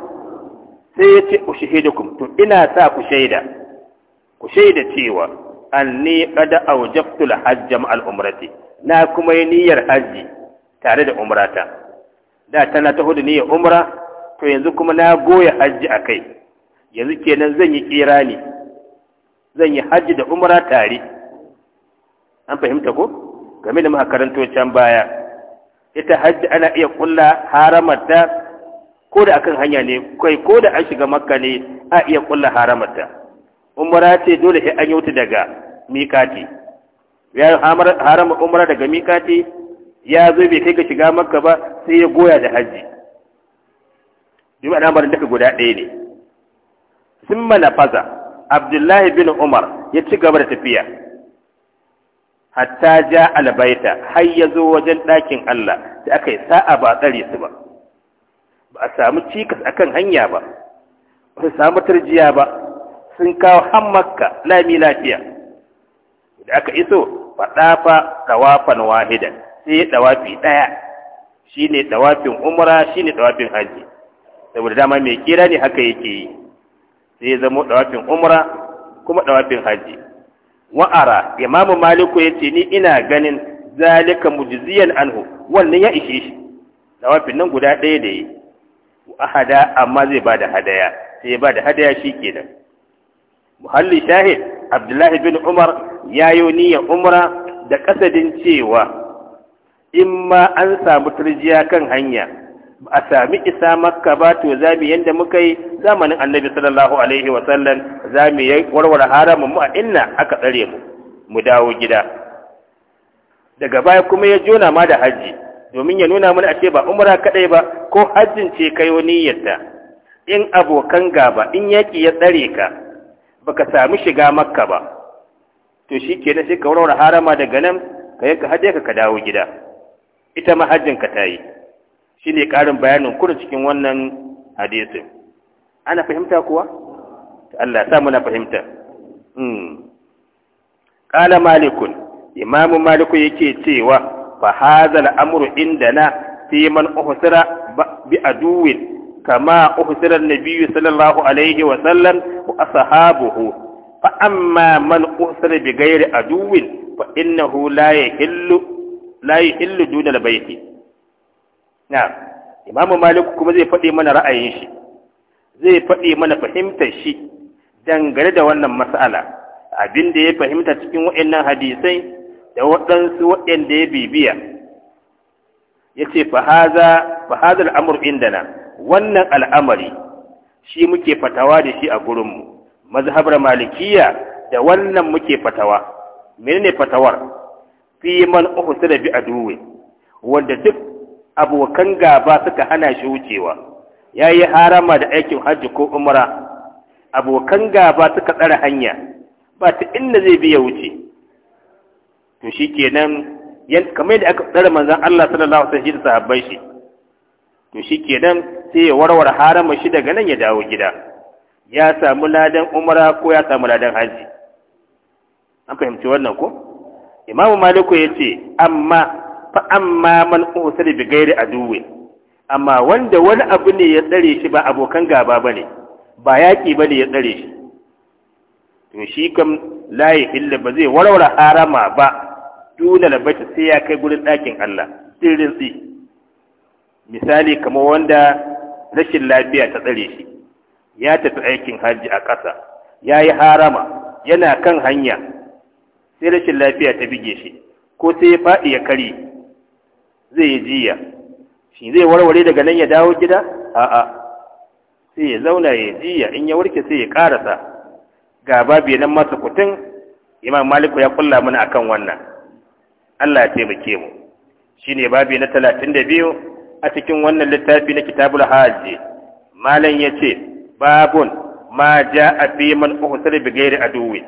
sai ya ce ku shahidakum to ina sa ku shaida ku shaida cewa anni qada awjabtu al-hajj ma al na kuma yi niyyar haji tare da umrata da tana taho da niyyar umra to yanzu kuma na goya haji akai yanzu kenan zan yi kirani zan yi haji da umra tare an fahimta ko game da makarantar can baya ita haji ana iya kulla haramarta ko da akan hanya ne kai ko da an shiga makka ne a iya kulla haramarta umara ce dole sai an yi wuta daga mikati ya haramu umara daga mikati ya zo bai kai ga shiga makka ba sai ya goya da hajji yi al'amarin duka guda ɗaya ne sun mana faza abdullahi bin umar ya ci gaba da tafiya hatta ja albaita har ya zo wajen ɗakin allah da aka yi sa'a ba tsare su ba ba a samu cikas akan hanya ba ba su samu tarjiya ba sun kawo har makka lami lafiya Idan aka iso faɗafa ɗawafan wahidan sai ɗawafi ɗaya shi ne ɗawafin umra shi ne ɗawafin hajji saboda dama mai kira ne haka yake yi sai zamo ɗawafin umra kuma ɗawafin hajji wa'ara imamu maliku ya ce ni ina ganin zalika mujiziyan anhu wannan ya ishe shi ɗawafin nan guda ɗaya da yi ahada amma zai ba da hadaya sai ba da hadaya shi kenan muhalli shahid abdullahi bin umar ya yi niyyar umra da kasadin cewa in ma an samu turjiya kan hanya ba a sami isa makka ba to za mu yanda muka yi zamanin annabi sallallahu alaihi wa sallam za mu yi warware haramun mu a inna aka tsare mu mu dawo gida daga baya kuma ya jona ma da hajji domin ya nuna mana ce ba umra kadai ba ko hajjin ce kai wani yadda in abokan gaba in yaki ya tsare ka baka sami shiga makka ba to shi ke sai ka warware harama daga nan ka yanka hajjai ka dawo gida ita ma hajjinka ta yi shi ne ƙarin bayanin kudu cikin wannan hadisin ana fahimta kuwa Allah sa muna fahimta ƙala hmm. malikun imamu maliku yake cewa fa hazal amru indana fi man uhsira bi aduwin kama uhsira nabiyyu sallallahu alaihi wa sallam wa ashabuhu fa amma man uhsira bi ghairi aduwin fa innahu la yahillu la yahillu duna malik kuma zai faɗi mana ra'ayin shi zai faɗi mana fahimtar shi dangane da wannan mas'ala abin da ya fahimta cikin waɗannan hadisai da waɗansu waɗanda ya bibiya yace fa haza fa hada al'amr indana wannan al'amari shi muke fatawa da shi a gurin mu mazhabar malikiya da wannan muke fatawa menene fatawar fi man uhsira bi aduwi wanda duk abokan gaba suka hana shi wucewa yayi harama da aikin hajji ko umra abokan gaba suka tsara hanya ba ta inda zai biya wuce to kenan. kamar yadda aka tsara manzan Allah sallallahu alaihi wasallam da sahabbai shi to shikenan sai ya warware harama shi daga nan ya dawo gida ya samu ladan umara ko ya samu ladan haji an fahimci wannan ko imamu maliku ya ce amma fa amma man usari bi ghairi aduwi amma wanda wani abu ne ya tsare shi ba abokan gaba bane ba yaki bane ya tsare shi to shi kam la illa ba zai warware harama ba dole labaita sai ya kai gurin ɗakin Allah sirrin tsi misali kamar wanda rashin lafiya ta tsare shi ya tafi aikin hajji a ƙasa ya yi harama yana kan hanya sai rashin lafiya ta bige shi ko sai ya faɗi ya kari zai yi jiya shi zai warware daga nan ya dawo gida a'a sai ya zauna ya jiya in ya warke sai ya ƙarasa ga babu nan masa kutun imam maliku ya kulla mana akan wannan Allah ya taimake mu Shi ne babi na talatin da biyu a cikin wannan littafi na kitabul haji malam ya ce babun ma ja a fi man uhsar bi ghairi aduwi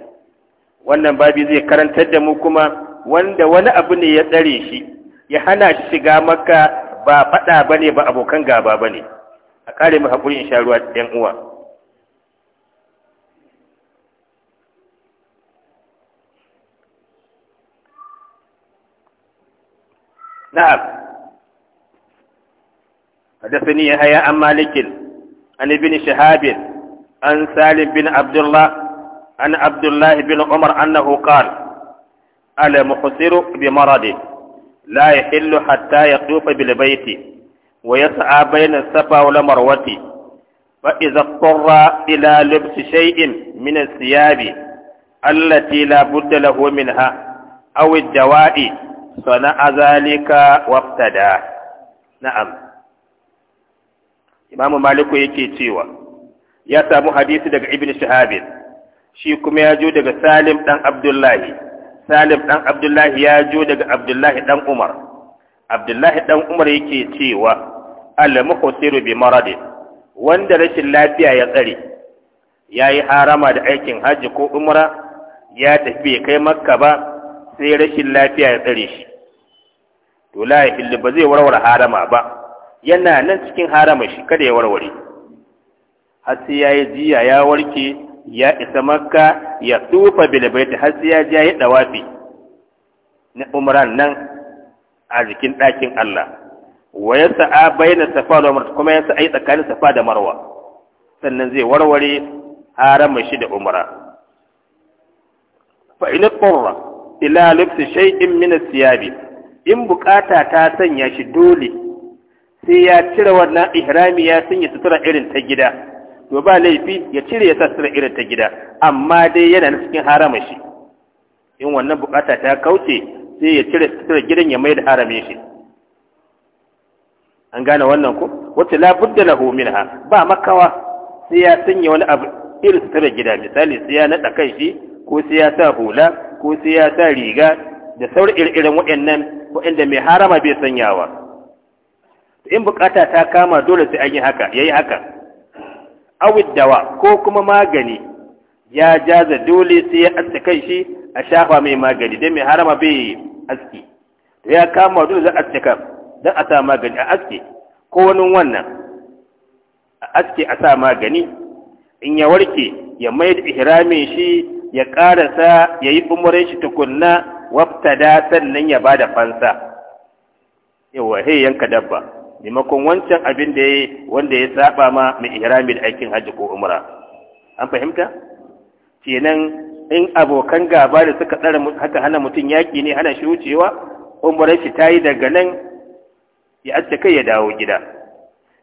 wannan babi zai karantar da mu kuma wanda wani abu ne ya tsare shi ya hana shi shiga maka ba fada ne ba abokan gaba ba ne. a kare mu hakuri in sha ruwa ɗan uwa نعم حدثني يحيى عن مالك عن ابن شهاب عن سالم بن عبد الله عن عبد الله بن عمر أنه قال المخسر بمرض لا يحل حتى يطوف بالبيت ويسعى بين الصفا والمروة فإذا اضطر إلى لبس شيء من الثياب التي لا بد له منها أو الدواء sana'a zalika waftada na'am imamu maliku yake cewa ya samu hadisi daga ibn shahabin shi kuma ya jo daga salim dan abdullahi salim dan abdullahi ya jo daga abdullahi ɗan umar abdullahi ɗan umar yake cewa Alamu, muhsiru bi Maradi, wanda rashin lafiya ya tsare ya yi harama da aikin hajji ko umra ya tafi bai kai makka ba sai rashin lafiya ya tsare shi to la yahillu ba zai warware harama ba yana nan cikin harama shi kada ya warware har sai yayi jiya ya warke ya isa makka ya tufa bil bait har sai ya ya dawafi na umran nan a jikin ɗakin Allah wa ya a bayyana safa da marwa kuma ya ai tsakanin safa da marwa sannan zai warware harama shi da umra fa in qurra ila lubsi shay'in min as in bukata ta sanya shi dole sai ya cire wannan ihrami ya sanya sutura irin ta gida to ba laifi ya cire ya sa sutura irin ta gida amma dai yana na cikin harama shi in wannan bukata ta kauce sai ya cire sutura gidan ya mai da harame shi an gane wannan ko wacce labudda lahu minha ba makawa sai ya sanya wani abu irin sutura gida misali sai ya nada kai shi ko sai ya sa hula ko sai ya sa riga da sauran irin waɗannan waɗanda mai harama bai sanyawa in bukata ta kama dole sai an yi haka ya yi haka awid dawa ko kuma magani ya jaza dole sai ya aske kan shi a shafa mai magani don mai harama bai aski to ya kama dole za a aske kan don a sa magani a aske ko wani wannan a aske a sa magani in ya warke ya mai da ihramin shi ya karasa ya yi umarin shi tukunna Wabtada sannan ya ba da fansa yawa he yanka dabba maimakon wancan abin da ya wanda ya saba ma mai ihramin aikin hajji ko umra an fahimta kenan in abokan gaba da suka tsara haka hana mutum yaƙi ne hana shi wucewa shi ta yi daga nan ya aske kai ya dawo gida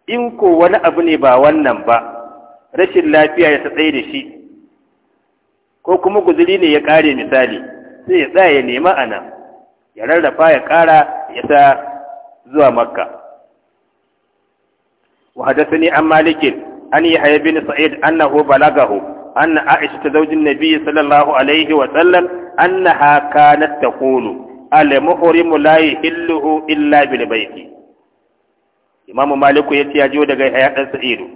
in ko wani abu ne ba wannan ba rashin lafiya ya tsaye da shi ko kuma guzuri ne ya ƙare misali sai ya ya nema a nan ya rarrafa ya kara ya sa zuwa makka wahadatu ni an malikin an yi hayabin sa'id an na balagahu an na aisha ta zaujin na biyu sallallahu alaihi wasallam an na haka na ta kunu mu layi illuhu illa bilbaiki imamu maliku ya ci ya jiwo daga hayaɗin sa'idu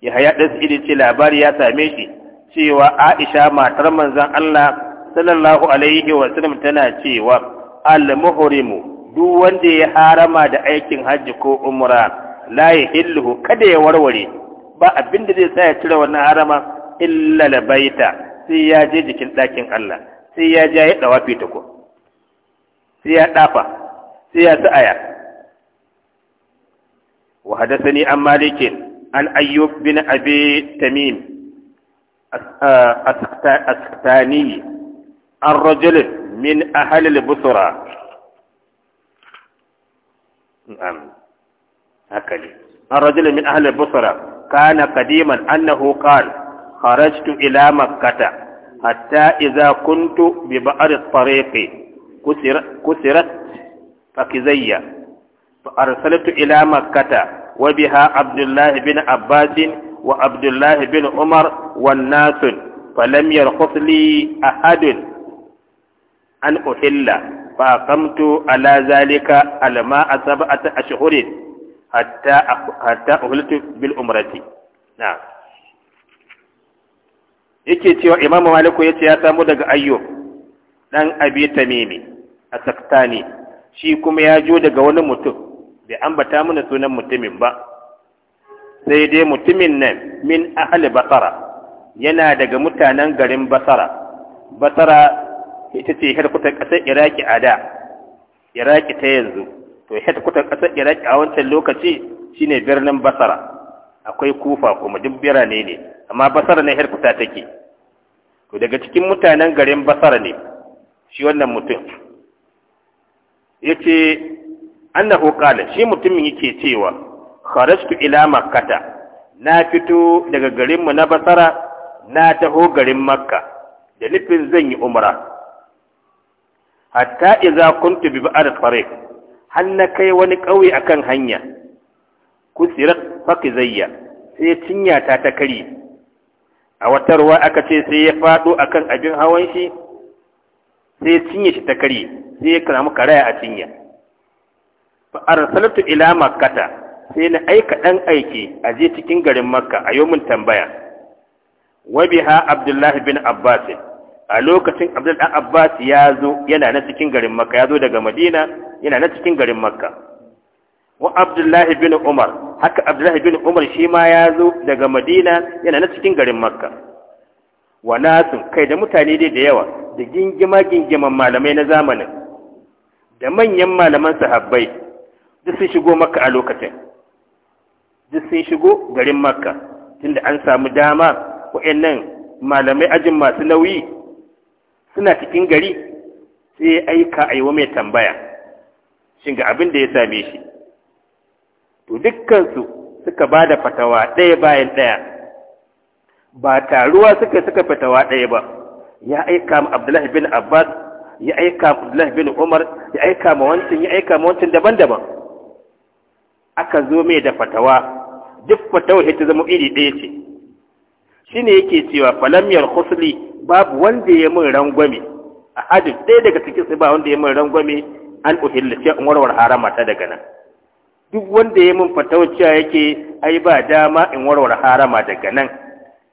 ya hayaɗin sa'idu ce labari ya same shi cewa aisha matar manzan allah sallallahu alaihi wa sallam tana cewa al-muhrimu duk wanda ya harama da aikin hajji ko umra la yahillu kada ya warware ba abin da zai sa ya cire wannan harama illa labaita sai ya je jikin ɗakin Allah sai ya ja ya dawafi ta ko sai ya dafa sai ya sa'aya wa hadathani an malikin an ayyub bin abi tamim askhtani الرجل من أهل البصرة نعم هكذا الرجل من أهل البصرة كان قديما أنه قال خرجت إلى مكة حتى إذا كنت ببئر الطريق كسر كسرت فكزي فأرسلت إلى مكة وبها عبد الله بن عباس وعبد الله بن عمر والناس فلم يرخص لي أحد an uhilla fa kamtu ala zalika alma asabata ashhur hatta hatta uhiltu bil umrati na yake cewa imamu maliku yace ya samu daga ayyo dan abi tamimi a saktani shi kuma ya jo daga wani mutum bai ambata mana sunan mutumin ba sai dai mutumin nan min ahli basara yana daga mutanen garin basara basara ita ce hedkwatar ƙasar iraki a da iraki ta yanzu to hedkwatar ƙasar iraki a wancan lokaci shine birnin basara akwai kufa kuma duk birane ne amma basara ne hedkwata take to daga cikin mutanen garin basara ne shi wannan mutum ya ce annahu qala shi mutumin yake cewa kharajtu ila makkata na fito daga garinmu na basara na taho garin makka da nufin zan yi umra hatta idza kuntu bi ba'd tariq har na kai wani ƙauye akan hanya Ku faki zayya, sai cinya ta ta kari a wata ruwa aka ce sai ya fado akan abin hawan shi sai cinye shi ta kari sai ya karamu karaya a cinya fa arsaltu ila makata, sai na aika ɗan aiki a je cikin garin makka a yomin tambaya wa biha abdullahi bin abbas a lokacin abdul dan abbas ya zo yana na cikin garin makka ya zo daga madina yana na cikin garin makka wa abdullahi bin umar haka abdullahi bin umar shi ma ya zo daga madina yana na cikin garin makka wa nasu kai da mutane dai da yawa da gingima gingiman malamai na zamanin da manyan malaman sahabbai duk sun shigo makka a lokacin duk sun shigo garin makka tunda an samu dama wa'annan malamai ajin masu nauyi suna cikin gari sai ya aika a yi wa mai tambaya shin ga abin da ya same shi to dukkansu suka ba da fatawa ɗaya bayan ɗaya ba taruwa suka suka fatawa ɗaya ba ya aika ma abdullahi bin abbas ya aika ma abdullahi bin umar ya aika ma wancan ya aika ma wancan daban-daban aka zo mai da fatawa duk fatawar ta zama iri ɗaya ce shine yake cewa falam yarkhusli babu wanda ya min rangwame ahadin ɗaya daga cikin sai ba wanda ya min rangwame an uhilla shi in warware harama ta daga nan duk wanda ya min fatawaciya yake ai ba dama in warware harama daga nan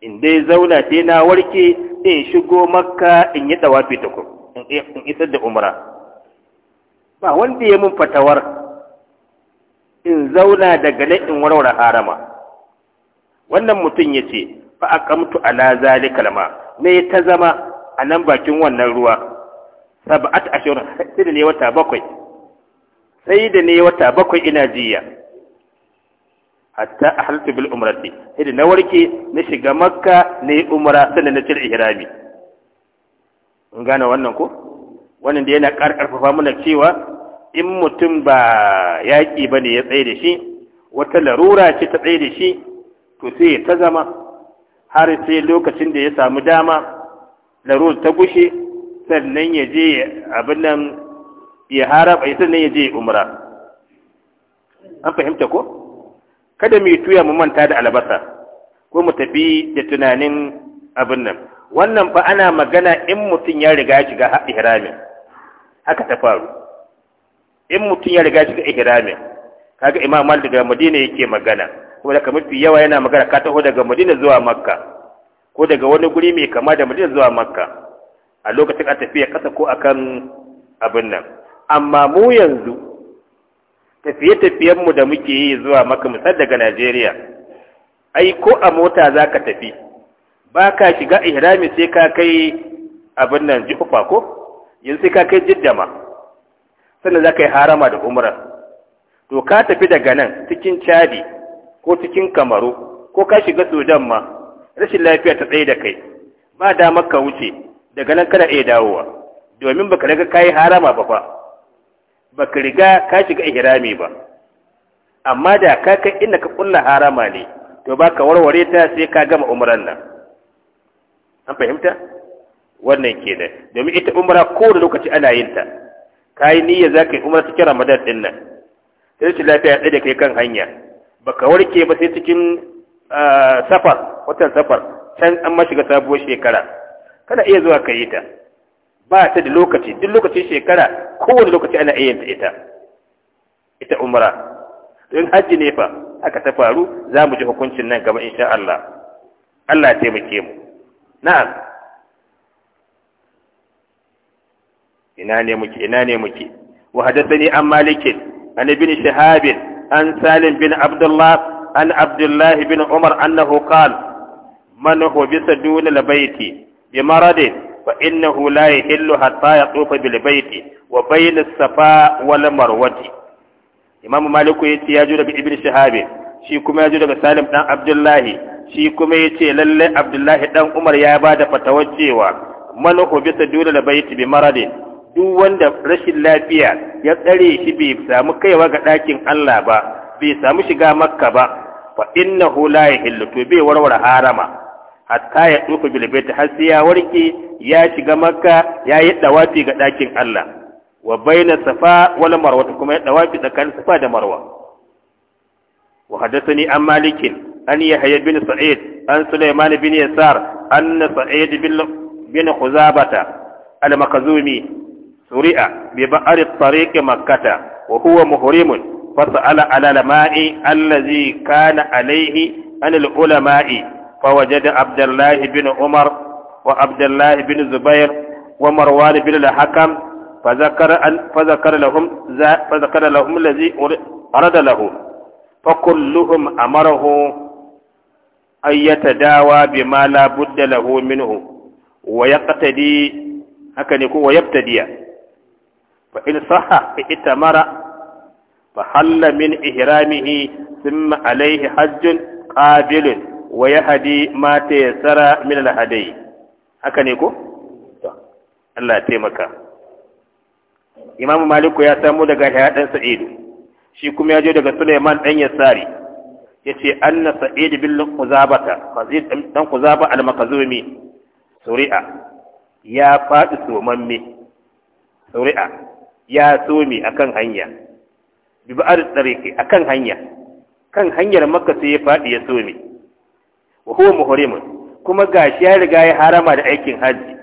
in dai zauna sai na warke in shigo makka in yi dawafi tukur in isar da umra ba wanda ya min fatawar in zauna daga nan in warware harama wannan mutum ya ce fa aqamtu ala zalika lama me ta zama a nan bakin wannan ruwa sab'at ashur sai da ne wata bakwai sai da ne wata bakwai ina jiya hatta ahaltu bil umrati idan na warke na shiga makka na yi umra sannan na cire ihrami in gane wannan ko wannan da yana karfafa mana cewa in mutum ba yaƙi ba ne ya tsaye da shi wata larura ce ta tsaye da shi to sai ta zama har sai lokacin da ya samu dama larur ta gushe sannan ya je abin nan ya haraba ya sannan ya je umra an fahimta ko kada mu tuya mu manta da albasa ko mu tafi da tunanin abin nan wannan fa ana magana in mutum ya riga ya shiga ihramin haka ta faru in mutum ya riga shiga ihramin kaga imam malik da madina yake magana saboda ka mafi yawa yana magana ka taho daga madina zuwa makka ko daga wani guri mai kama da madina zuwa makka a lokacin a tafiya kasa ko akan abin nan amma mu yanzu tafiye-tafiyenmu da muke yi zuwa Makka misal daga najeriya ai ko a mota za ka tafi ba ka shiga ihrami sai ka kai abin nan jihufa ko yanzu sai ka kai jiddama sannan za ka yi harama da umra to ka tafi daga nan cikin cadi ko cikin kamaru ko ka shiga sudan ma rashin lafiya ta tsaye da kai ba damar ka wuce daga nan kana iya dawowa domin baka riga ka yi harama ba fa baka riga ka shiga ihrami ba amma da ka kai inda ka kulla harama ne to ba ka warware ta sai ka gama umran nan an fahimta wannan kenan domin ita umra ko lokaci ana yin ta ka yi niyya za ka yi umra cikin ramadan din nan sai lafiya tsaye da kai kan hanya baka warke ba sai cikin ah, safar watan safar can an ma shiga sabuwar shekara kana iya zuwa ka yi ta ba ta da lokaci duk lokacin shekara kowane lokaci ana iya ta ita ita umra don hajji ne fa aka ta faru za mu ji hukuncin nan gaba insha Allah Allah ya taimake mu na'am ina ne muke ina ne muke wa hadathani an malikin an ibn shahabin عن سالم بن عبد الله عن عبد الله بن عمر أنه قال من حبس دون البيت بمرض فإنه لا يحل حتى يطوف بالبيت وبين الصفا والمروة إمام مالك يتي يجود بابن شهاب shi kuma ya ji daga Salim ɗan Abdullahi shi kuma ya ce lalle Abdullahi ɗan Umar ya ba da fatawar cewa manu bisa dole da baiti bi maradin duk wanda rashin lafiya ya tsare shi bai samu kaiwa ga ɗakin Allah ba bai samu shiga makka ba fa innahu la yahillu to bai warware harama hatta ya tsufa bil bait har sai ya warke ya shiga makka ya yi dawafi ga ɗakin Allah wa baina safa wal marwa kuma ya dawafi tsakanin safa da marwa wa hadathani an malikin an yahya bin sa'id an sulaiman bin yasar an sa'id bin bin khuzabata al-makhzumi suri'a bi ba'ari tariq makkata wa huwa muhrimun fas'ala ala al allazi kana alayhi an al-ulama'i fawajada abdullah bin umar wa abdullah bin zubair wa marwan bin al-hakam فذكر فذكر لهم فذكر لهم الذي أراد له فكلهم أمره أن يتداوى بما لا بد له منه ويقتدي هكذا يكون ويبتدي fa in saha i'tamara fa halla min ihramihi thumma alayhi hajjun qabilun wa yahdi ma tayassara min al haka ne ko Allah ya taimaka Imam Maliku ya samu daga Yahya Sa'idu shi kuma ya je daga Sulaiman dan Yasari yace anna Sa'id bin Quzabata Qazid dan Quzaba al Suri'a ya faɗi somamme Suri'a ya a kan hanya bi ke a kan hanya kan hanyar maka sai ya faɗi ya some wa huwa muhrimun kuma gashi ya riga ya harama da aikin haji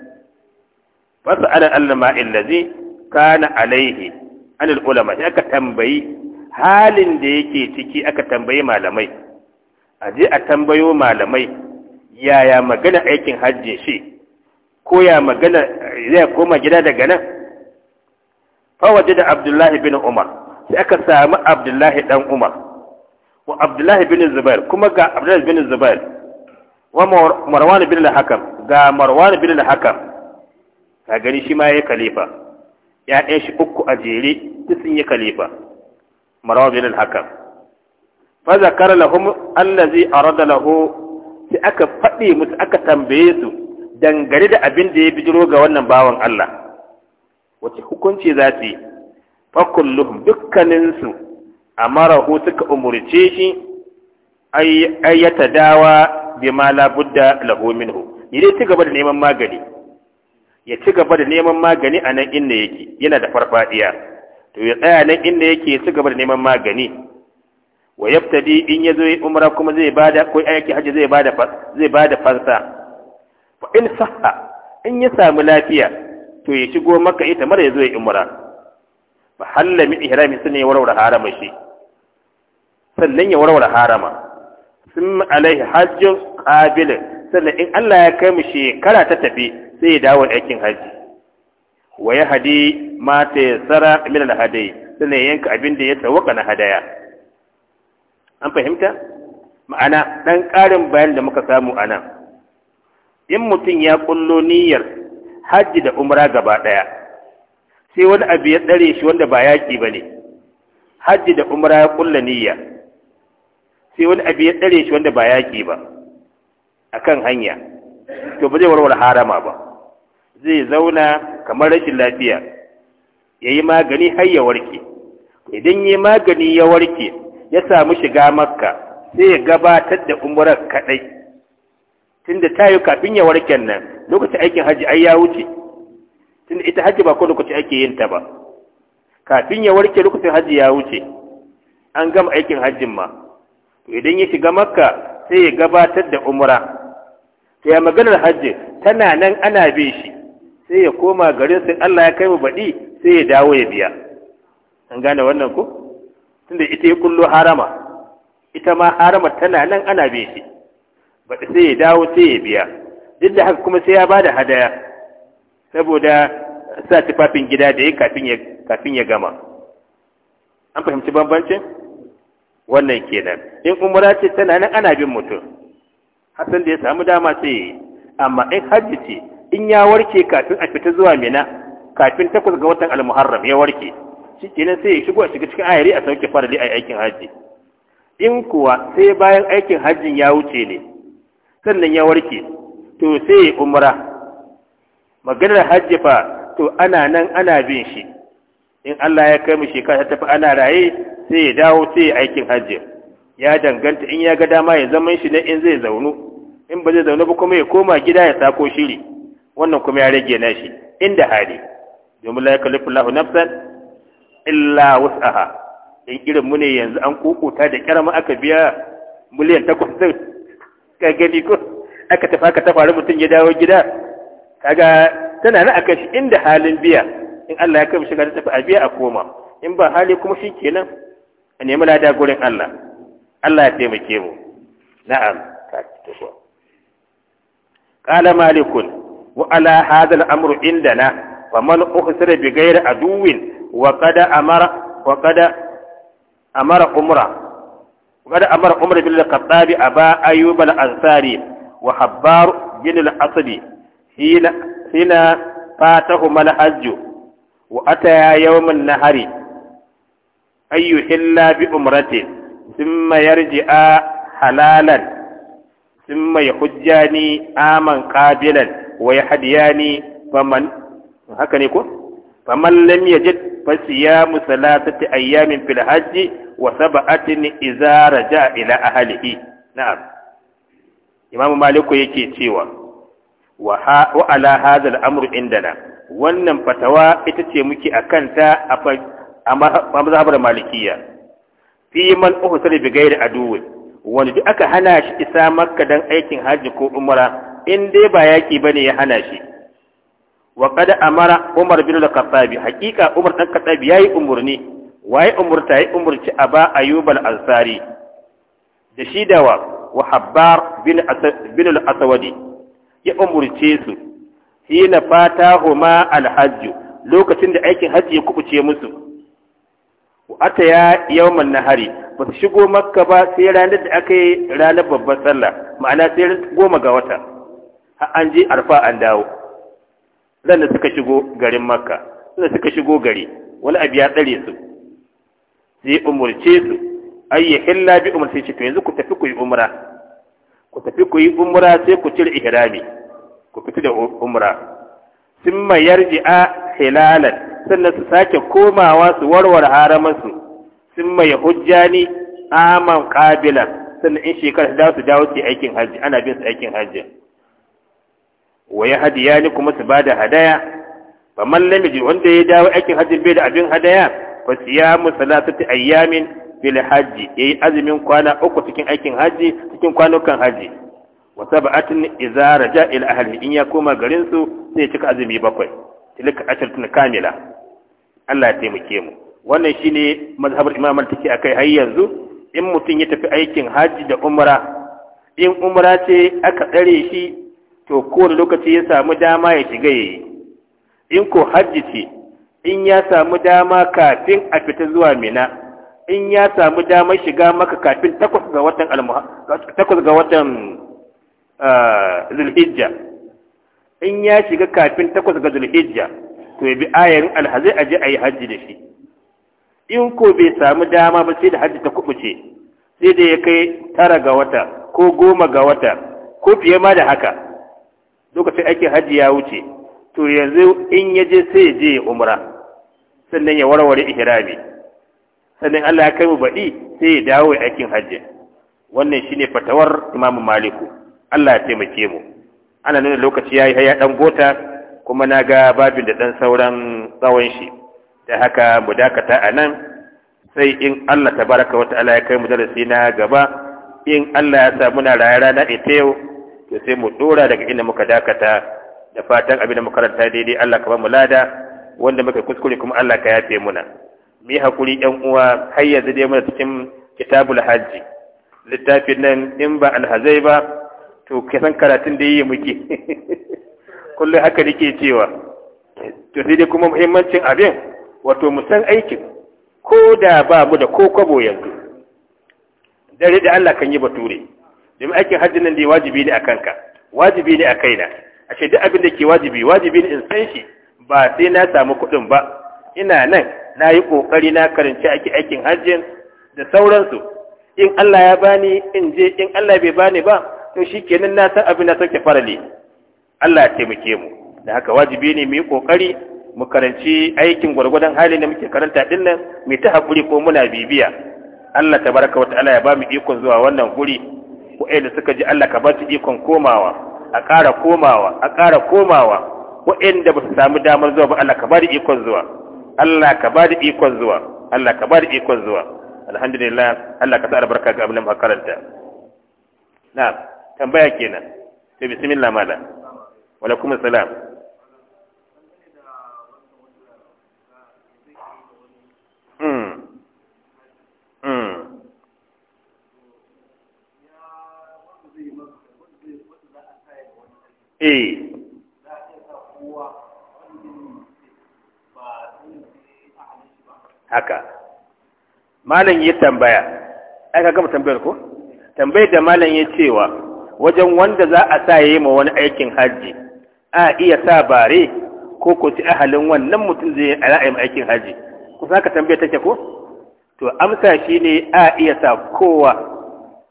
wasu alal allama illazi kana alaihi anil ulama sai aka tambayi halin da yake ciki aka tambayi malamai a je a tambayo malamai yaya magana aikin hajji shi ko ya magana zai koma gida daga nan fawajada da abdullahi bin umar sai aka samu abdullahi dan umar wa abdullahi bin zubair kuma ga abdullahi bin zubair wa marwan bin al-hakam ga marwan bin al-hakam ka gani shi ma yayi khalifa ya'yan shi uku a jere duk sun yi khalifa marwan bin al-hakam fa zakara lahum allazi arada lahu sai aka faɗi musu aka tambaye su dangane da abin da ya bijiro ga wannan bawan Allah wace hukunci za su yi fakulluhum dukkaninsu amarahu suka umurce shi ay yatadawa bima la budda lahu minhu idan ci gaba da neman magani ya ci gaba da neman magani a nan inda yake yana da farfadiya to ya tsaya nan inda yake ya ci gaba da neman magani wa yabtadi in yazo yi umra kuma zai bada ko aiki haji zai bada zai bada fansa fa in sahha in ya samu lafiya to ya shigo maka ita mara ya zo ya umra fa halla min ihrami sunne ya warware harama shi sannan ya warware harama sun alaihi hajjin qabil sannan in Allah ya kai mu shekara ta tafi sai ya dawo aikin haji wa ya hadi ma ta yasara min al hadai sannan yanka abin da ya tawaka na hadaya an fahimta ma'ana dan ƙarin bayan da muka samu anan in mutum ya kullo niyyar hajji da umra gaba ɗaya sai wani abu ya tsare shi wanda ba yaƙi ba ne hajji da umra ya ƙulla niyya sai wani abu ya tsare shi wanda ba yaƙi ba a kan hanya to ba zai warware harama ba zai zauna kamar rashin lafiya ya yi magani har ya warke idan ya magani ya warke ya samu shiga makka sai ya gabatar da umrar kaɗai da ta yi kafin ya warken nan lokacin aikin hajji ai ya wuce da ita hajji ba ko lokacin ake yin ta ba kafin ya warke lokacin hajji ya wuce an gama aikin hajjin ma to idan ya shiga makka sai ya gabatar da umra to ya maganar hajji tana nan ana bi shi sai ya koma garin sai Allah ya kai mu baɗi sai ya dawo ya biya an gane wannan ko tunda ita ya kullo harama ita ma harama tana nan ana bi shi baɗi sai ya dawo sai ya biya duk da haka kuma sai ya bada da hadaya saboda sa tufafin gida da ya kafin ya gama an fahimci bambancin wannan kenan in umara ce tana nan ana bin mutum Hassan da ya samu dama sai ya yi amma in hajji ce in ya warke kafin a fita zuwa mina kafin takwas ga watan almuharram ya warke shi kenan sai ya shigo a shiga cikin ayari a sauke farali a aikin hajji in kuwa sai bayan aikin hajjin ya wuce ne sannan ya warke to sai ya umra maganar hajji fa to ana nan ana bin shi in Allah ya kai mu shekara ta tafi ana raye sai ya dawo sai ya aikin hajji ya danganta in ya ga dama ya zama shi na in zai zaunu in ba zai zaunu ba kuma ya koma gida ya sako shiri wannan kuma ya rage na shi inda hali domin la yakallifu Allahu illa wus'aha in irin mu ne yanzu an kukuta da kyarma aka biya miliyan takwas ka gani ko aka tafi aka tafaru mutum ya dawo gida kaga tana na aka shi inda halin biya in Allah ya kai shiga ta tafi a biya a koma in ba hali kuma shi kenan a nemi lada gurin Allah Allah ya taimake mu na'am ka ci tafi qala malikun wa ala hadha al-amru indana man ukhsira bi ghairi aduwin wa qada amara wa qada amara umra وقد أمر عمر بن الخطاب أبا أيوب الأنصاري وحبار بن الأصبي حين حين فاتهما الحج وأتيا يوم النهر أن يحل بأمرة ثم يرجع حلالا ثم يحجان آما قابلا ويحديان فمن هكذا يكون فمن لم يجد فصيام siyamu salatati ayyamin الحج hajji wa رجع idza raja نعم ahlihi مالك يكي تيوا yake cewa wa ala hadha wannan fatawa ita ce muke akan ta a mazhabar malikiya fi man uhsar bi ghairi aduwwi wanda duk aka hana shi isa makka dan aikin hajji ko umra in dai ba yaki bane ya hana shi wa kada amara umar bin al-khattab hakika umar dan khattab yayi umurni waye umurta yayi umurci aba ayyub al-ansari da shi dawa wa habbar bin bin al ya umurce su hina fatahuma al-hajj lokacin da aikin hajji ya kubuce musu wa ataya yawman nahari ba su shigo makka ba sai ranar da aka yi ranar babbar sallah ma'ana sai goma ga wata har an je arfa an dawo zanda suka shigo garin makka zanda suka shigo gari wani abu ya tsare su sai umarce su ayyai hilla bi umar shi to yanzu ku tafi ku yi umra ku tafi ku yi umra sai ku cire ihrami ku fita da umra summa a hilalan sannan su sake komawa su warware haramansu hujja ni aman qabilan sannan in shekara da su dawo su aikin hajji ana bin su aikin hajji wa ya hadiya ni kuma su ba da hadaya Ba man wanda ya dawo aikin hajji bai da abin hadaya fa siyamu salasati ayyamin fil hajji yayi azumin kwana uku cikin aikin hajji cikin kwanukan hajji wa sab'atin idza raja ila ahli in ya koma garin su sai cika azumi bakwai tilka ashratun kamila Allah ya taimake mu wannan shine mazhabar Imam Malik akai har yanzu in mutum ya tafi aikin hajji da umra in umra ce aka tsare shi to kowane lokaci ya samu dama ya shiga yayi in ko hajji ce in ya samu dama kafin a fita zuwa mina in ya samu damar shiga maka kafin takwas ga watan takwas ga watan ah, zulhijja in ya shiga kafin takwas ga zulhijja to bi ayarin alhazai a je a yi hajji da shi in ko bai samu dama ba sai da hajji ta kubuce sai da ya kai tara ga wata ko goma ga wata ko fiye ma da haka lokacin aikin hajji ya wuce to yanzu in ya je sai ya je ya umra sannan ya warware ihrami sannan Allah ya kai mu baɗi sai ya dawo ya aikin hajji wannan shine fatawar Imam Maliku Allah ya taimake mu ana nuna lokaci ya yi haya ɗan gota kuma na ga babin da dan sauran tsawon shi da haka mu dakata a nan sai in Allah baraka wata ala ya kai mu darasi na gaba in Allah ya sa muna rayuwa na ita yau to sai mu dora daga inda muka dakata da fatan abin da muka karanta daidai Allah ka ba mu lada wanda muka kuskure kuma Allah ka yafe muna mu yi hakuri ɗan uwa har yanzu dai muna cikin kitabul hajji littafin nan in ba alhazai ba to ke san karatun da yi muke kullum haka nake cewa to sai dai kuma muhimmancin abin wato mu san aikin ko da ba mu da ko kwabo yanzu dare da Allah kan yi bature domin aikin hajji nan dai wajibi ne a kanka wajibi ne a kaina a duk abin da ke wajibi wajibi ne in san shi ba sai na samu kuɗin ba ina nan na yi ƙoƙari na karanci ake aikin hajjin da sauransu in Allah ya bani in je in Allah bai bani ba to shi kenan na san abin na sauke farale Allah ya taimake mu da haka wajibi ne mu yi ƙoƙari mu karanci aikin gwargwadon halin da muke karanta din nan mu ta haƙuri ko muna bibiya Allah tabaraka wa ta'ala ya ba mu ikon zuwa wannan guri da suka ji Allah ka ba su ikon komawa a ƙara komawa a ƙara komawa da ba su samu damar zuwa ba Allah ka ba da ikon zuwa Allah ka ba da ikon zuwa Allah ka ba da ikon zuwa alhamdulillah Allah ka sa albarka ga abin da makaranta. na tambaya kenan to bismillah mala wa alaikumus salam eh haka malam ya tambaya ai ka gama tambayar ko tambayar da malam ya cewa wajen wanda za a sa yi ma wani aikin hajji a iya sa bare ko ko ci ahalin wannan mutum zai ma aikin haji ku tambaya tambayar take ko to amsa shine a iya sa kowa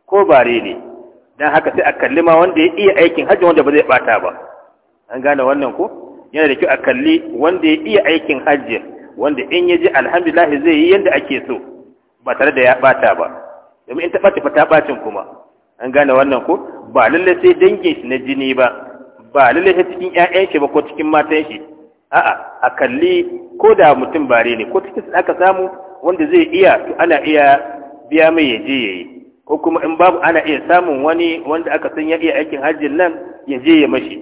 ko bare ne dan haka sai a kalli ma wanda ya iya aikin hajji wanda ba zai bata ba an gane wannan ko yana da kyau a kalli wanda ya iya aikin hajji wanda in ya ji alhamdulillah zai yi yanda ake so ba tare da ya bata ba domin in ta ɓace fa ta kuma an gane wannan ko ba lalle sai dangin shi na jini ba ba lalle sai cikin ƴaƴan shi ba ko cikin matan shi a'a a kalli ko da mutum bare ne ko cikin aka samu wanda zai iya to ana iya biya mai yaje yayi ko kuma in babu ana iya samun wani wanda aka san ya iya aikin hajjin nan ya je ya mashi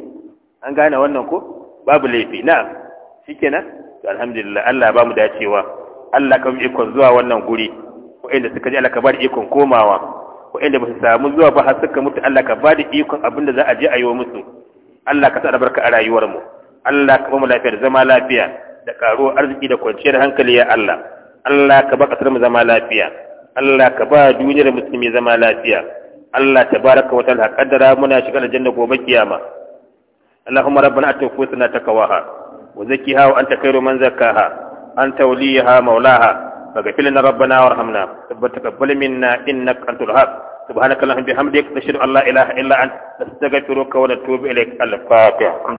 an gane wannan ko babu laifi na'am shikenan to alhamdulillah Allah ba mu dacewa Allah ka ikon zuwa wannan guri Ko inda suka ji Allah ka ba ikon komawa Ko inda ba su samu zuwa ba har suka mutu Allah ka bada ikon abinda da za a je a yi wa musu Allah ka sa albarka a rayuwar mu Allah ka ba mu lafiya da zama lafiya da karuwar arziki da kwanciyar hankali ya Allah Allah ka ba kasar mu zama lafiya Allah ka ba duniyar musulmi zama lafiya Allah baraka wata ta'ala kaddara muna shiga da janna gobe kiyama Allahumma rabbana atina fi sunna takawaha wa zakkiha wa anta khairu man zakkaha anta waliyaha mawlaha faghfir lana rabbana warhamna tabaqabbal minna innaka antal wahhab subhanaka allahumma bihamdika nashhadu an la ilaha illa anta nastaghfiruka wa natubu ilayk al-fatiha